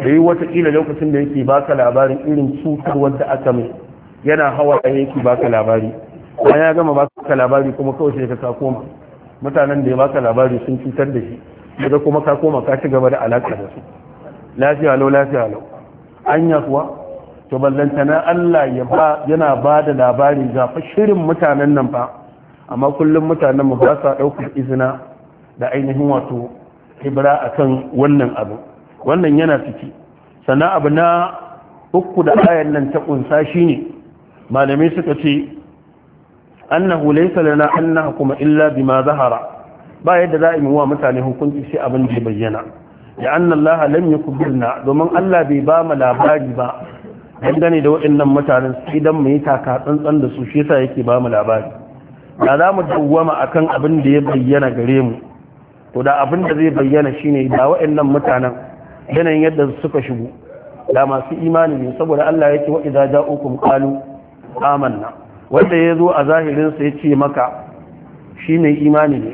da yi watakila lokacin da yake baka labarin irin cutar wanda aka mai yana hawa yake baka labari kuma ya gama ba ka labari kuma kawai sai ka koma mutanen da ya baka labari sun cutar da shi daga kuma ka koma ka ci gaba da alaƙa da su lafiya lau lafiya lau anya kuwa to ballantana Allah ya ba yana ba da labari ga shirin mutanen nan fa amma kullum mutanen mu ba sa ɗaukar izina da ainihin wato hibra akan wannan abu wannan yana ciki sannan abu na uku da ayan nan ta kunsa shine malamai suka ce annahu laysa lana an nahkuma illa bima zahara ba yadda za mu wa mutane hukunci sai abin da bayyana ya anna Allah lam yukbirna domin Allah bai ba mu labari ba dangane da waɗannan mutanen idan dan mu yi taka tsantsan da su shi yasa yake ba mu labari da za mu dawwama akan abin da ya bayyana gare mu to da abin da zai bayyana shine da waɗannan mutanen yanayin yadda suka shigo da masu imani ne saboda Allah yake wa idza ja'ukum qalu amanna wanda ya zo a zahirinsa ya ce maka shi ne imani ne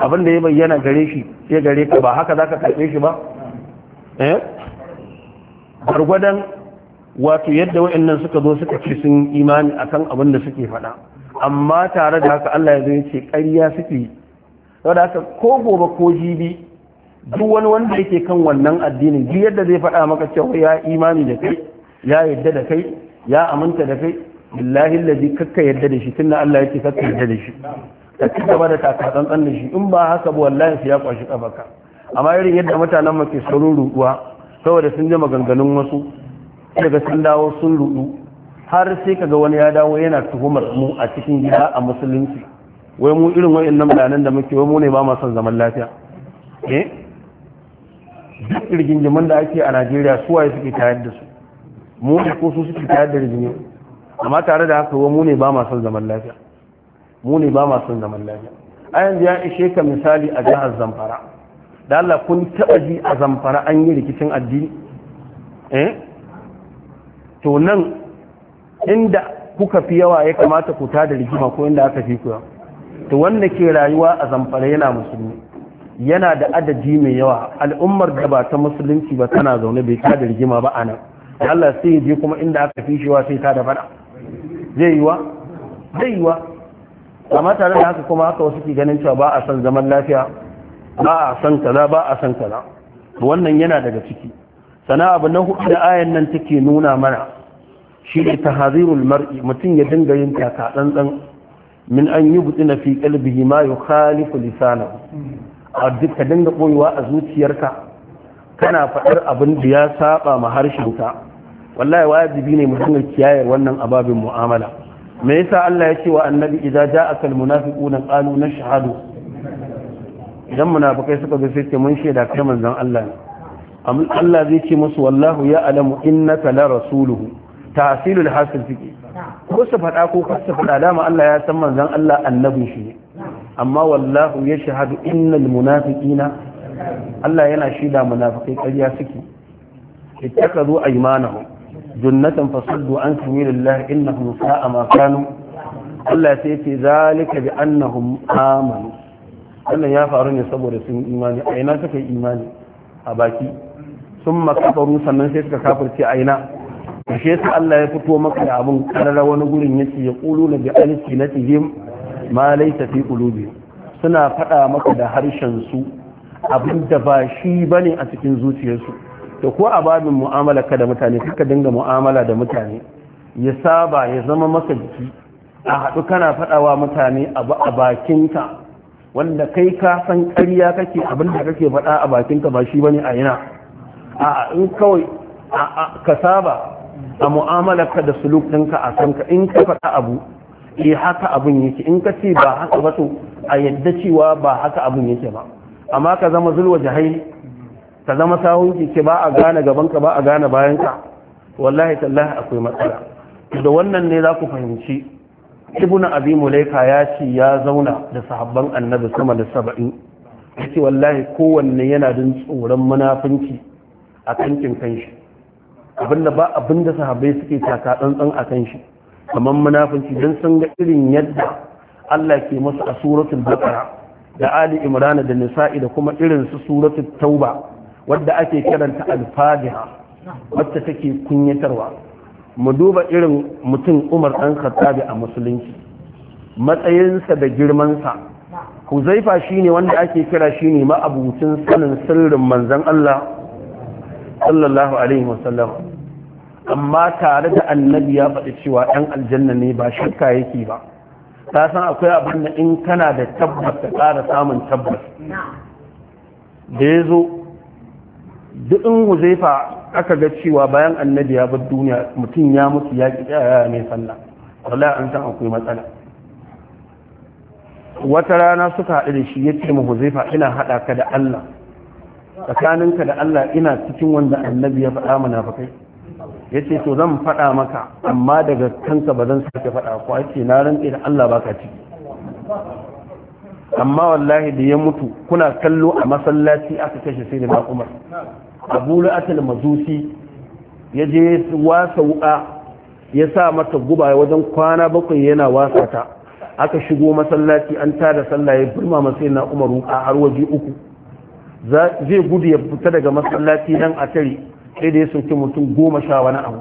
abin ya bayyana gare shi ya gare ka ba haka za ka karɓe shi ba eh gwargwadon wato yadda wa'annan suka zo suka ce sun imani akan abin da suke faɗa amma tare da haka Allah ya zo ya ce ƙarya suke saboda haka ko gobe ko jibi duk wani wanda yake kan wannan addinin duk yadda zai faɗa maka cewa ya imani da kai ya yadda da kai ya aminta da kai billahi Ladi kakka yadda da shi tunda Allah yake kakka yadda da shi ta ci gaba da taka tsantsan da shi in ba haka ba wallahi sai ya kwashi kafaka amma irin yadda mutanen mu ke saurin ruɗuwa saboda sun ji maganganun wasu daga sun dawo sun ruɗu har sai kaga wani ya dawo yana tuhumar mu a cikin gida a musulunci wai mu irin wayannan bayanan da muke wai mu ne ba mu son zaman lafiya eh duk rigingimin da ake a Najeriya suwaye suke tayar da su mu ko su suke tayar da rigingimin amma tare da haka wa mu ne ba ma son zaman lafiya mu ne ba ma son zaman lafiya a yanzu ya ishe ka misali a jihar zamfara da Allah kun taɓa ji a zamfara an yi rikicin addini eh to nan inda kuka fi yawa ya kamata ku da rigima ko inda aka fi ku to wanda ke rayuwa a zamfara yana musulmi yana da adadi mai yawa al'ummar da ba ta musulunci ba tana zaune bai da rigima ba a nan Allah sai ya je kuma inda aka fi shi wa sai ta da fada zai yi zai yi wa amma tare da haka kuma haka wasu ke ganin cewa ba a san zaman lafiya ba a san kaza ba a san kaza wannan yana daga ciki Sana'a abu na hudu da ayan nan take nuna mana shi ne hazirul mar'i mutum ya dinga yin taka tsantsan min an yi buɗi na fi kalbihi ma yi khalifu lisana a dinga koyewa a zuciyarka kana faɗar abin da ya saba ma harshenka wallahi wajibi ne mu dinga kiyaye wannan ababin mu'amala me yasa Allah ya ce wa annabi idza ja'aka almunafiquna qalu nashhadu idan munafikai suka ga sai mun shaida kai manzon Allah ne amma Allah zai ce musu wallahu ya'lamu innaka la rasuluhu tahsilul hasil fiki ko su faɗa ko kar su faɗa dama Allah ya san manzon Allah annabi shi ne amma wallahu yashhadu innal munafiqina Allah yana shaida munafikai ƙarya suke ittakazu aymanahum junnatan fasaddu an sabilillah innahum sa'a ma kanu Allah sai ce zalika bi annahum amanu wannan ya faru ne saboda sun imani a ina suka yi imani a baki sun makafaru sannan sai suka kafirce a ina kashe su Allah ya fito maka da abin karara wani gurin yace ya qulu bi alsinatihim ma laysa fi qulubihim suna faɗa maka da harshen su abin da ba shi bane a cikin zuciyarsu to ko a babin mu'amala ka da mutane suka dinga mu'amala da mutane ya saba ya zama maka jiki a haɗu kana faɗawa mutane a bakinka wanda kai ka san ƙarya kake abin da kake faɗa a bakinka ba shi bane a yana a in kawai ka saba a mu'amala ka da suluk ɗinka a ka in ka faɗa abu eh haka abin yake in ka ce ba haka ba to a yadda cewa ba haka abin yake ba amma ka zama zulwa jahili ka zama sahun keke ba a gane gabanka ba a gane bayanka wallahi tallahi akwai matsala da wannan ne za ku fahimci ibn abi mulaika ya ce ya zauna da sahabban annabi sama da saba'in yace wallahi kowanne yana jin tsoron munafunci a kankin kanshi abinda ba abinda sahabbai suke taka tsantsan a kanshi kamar munafunci don sun ga irin yadda Allah ke masu a suratul baqara da ali imrana da nisa'i da kuma irin su suratul tauba wadda ake kiranta alfadiha wacce take kunyatarwa mu duba irin mutum umar dan khattabi a musulunci matsayinsa da girmansa huzaifa shine wanda ake kira shine ma'abucin sanin sirrin manzon Allah sallallahu alaihi wasallam amma tare da annabi ya faɗi cewa ɗan aljanna ne ba shakka yake ba ta san akwai abin da in kana da tabbas ka ƙara samun tabbas da ya zo duk in huzaifa aka ga cewa bayan annabi ya bar duniya mutum ya mutu ya ki tsaya mai sallah wallahi an san akwai matsala wata rana suka haɗu da shi yace mu huzaifa ina haɗa ka da Allah tsakaninka da Allah ina cikin wanda annabi ya faɗa Ya yace to zan faɗa maka amma daga kanka ba zan sake faɗa ko ake na rantsi da Allah baka ciki amma wallahi da ya mutu kuna kallo a masallaci aka kashe sai da Umar abu la'atul yaje ya je wasa wuka ya sa mata guba wajen kwana bakwai yana wasa ta aka shigo masallaci an tada sallah ya burma masai na umar wuka har waje uku zai gudu ya fita daga masallaci nan a tare sai da ya sauke mutum goma sha wani abu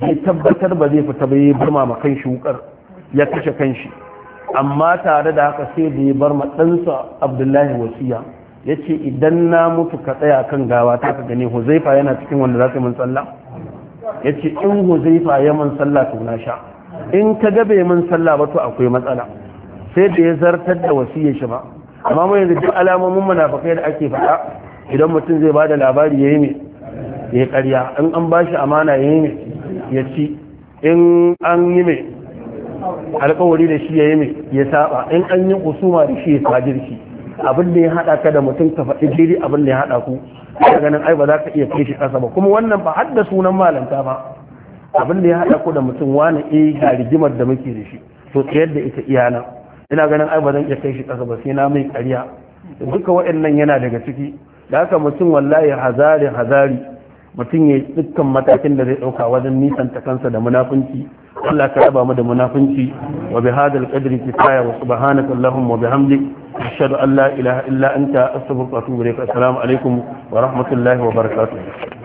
zai tabbatar ba zai fita ba ya burma ma kan shi wukar ya kashe kan shi amma tare da haka sai da ya bar ma ɗansa abdullahi wasiya ya ce idan na mutu ka tsaya kan gawa ta ka gani huzaifa yana cikin wanda za su yi min sallah ya ce in huzaifa ya min sallah to na sha in ka gaba bai min sallah ba to akwai matsala sai da ya zartar da wasiyar shi ba amma mai yanzu duk alamomin munafakai da ake faɗa idan mutum zai ba da labari ya yi ne ya karya in an ba shi amana ya yi ne ya ci in an yi mai alkawari da shi ya yi mai ya saba in an yi kusuma da shi ya sadirki abin da ya hada ka da mutum ka faɗi jiri abin da ya haɗa ku ka ganin ai ba za ka iya kai shi ƙasa ba kuma wannan ba hadda sunan malanta ba abin da ya haɗa ku da mutum wani eh ga rigimar da muke da shi to tsayar da ita iyana ina ganin ai ba zan iya kai shi ƙasa ba sai na mai ƙarya duka waɗannan yana daga ciki da haka mutum wallahi hazari hazari mutum ya dukkan matakin da zai ɗauka wajen nisanta kansa da munafunci Allah ka raba mu da munafunci wa bi hadal qadri kifaya wa subhanaka allahumma wa bihamdik ashhadu an la ilaha illa anta astaghfiruka wa atubu ilaik assalamu alaikum wa rahmatullahi wa barakatuh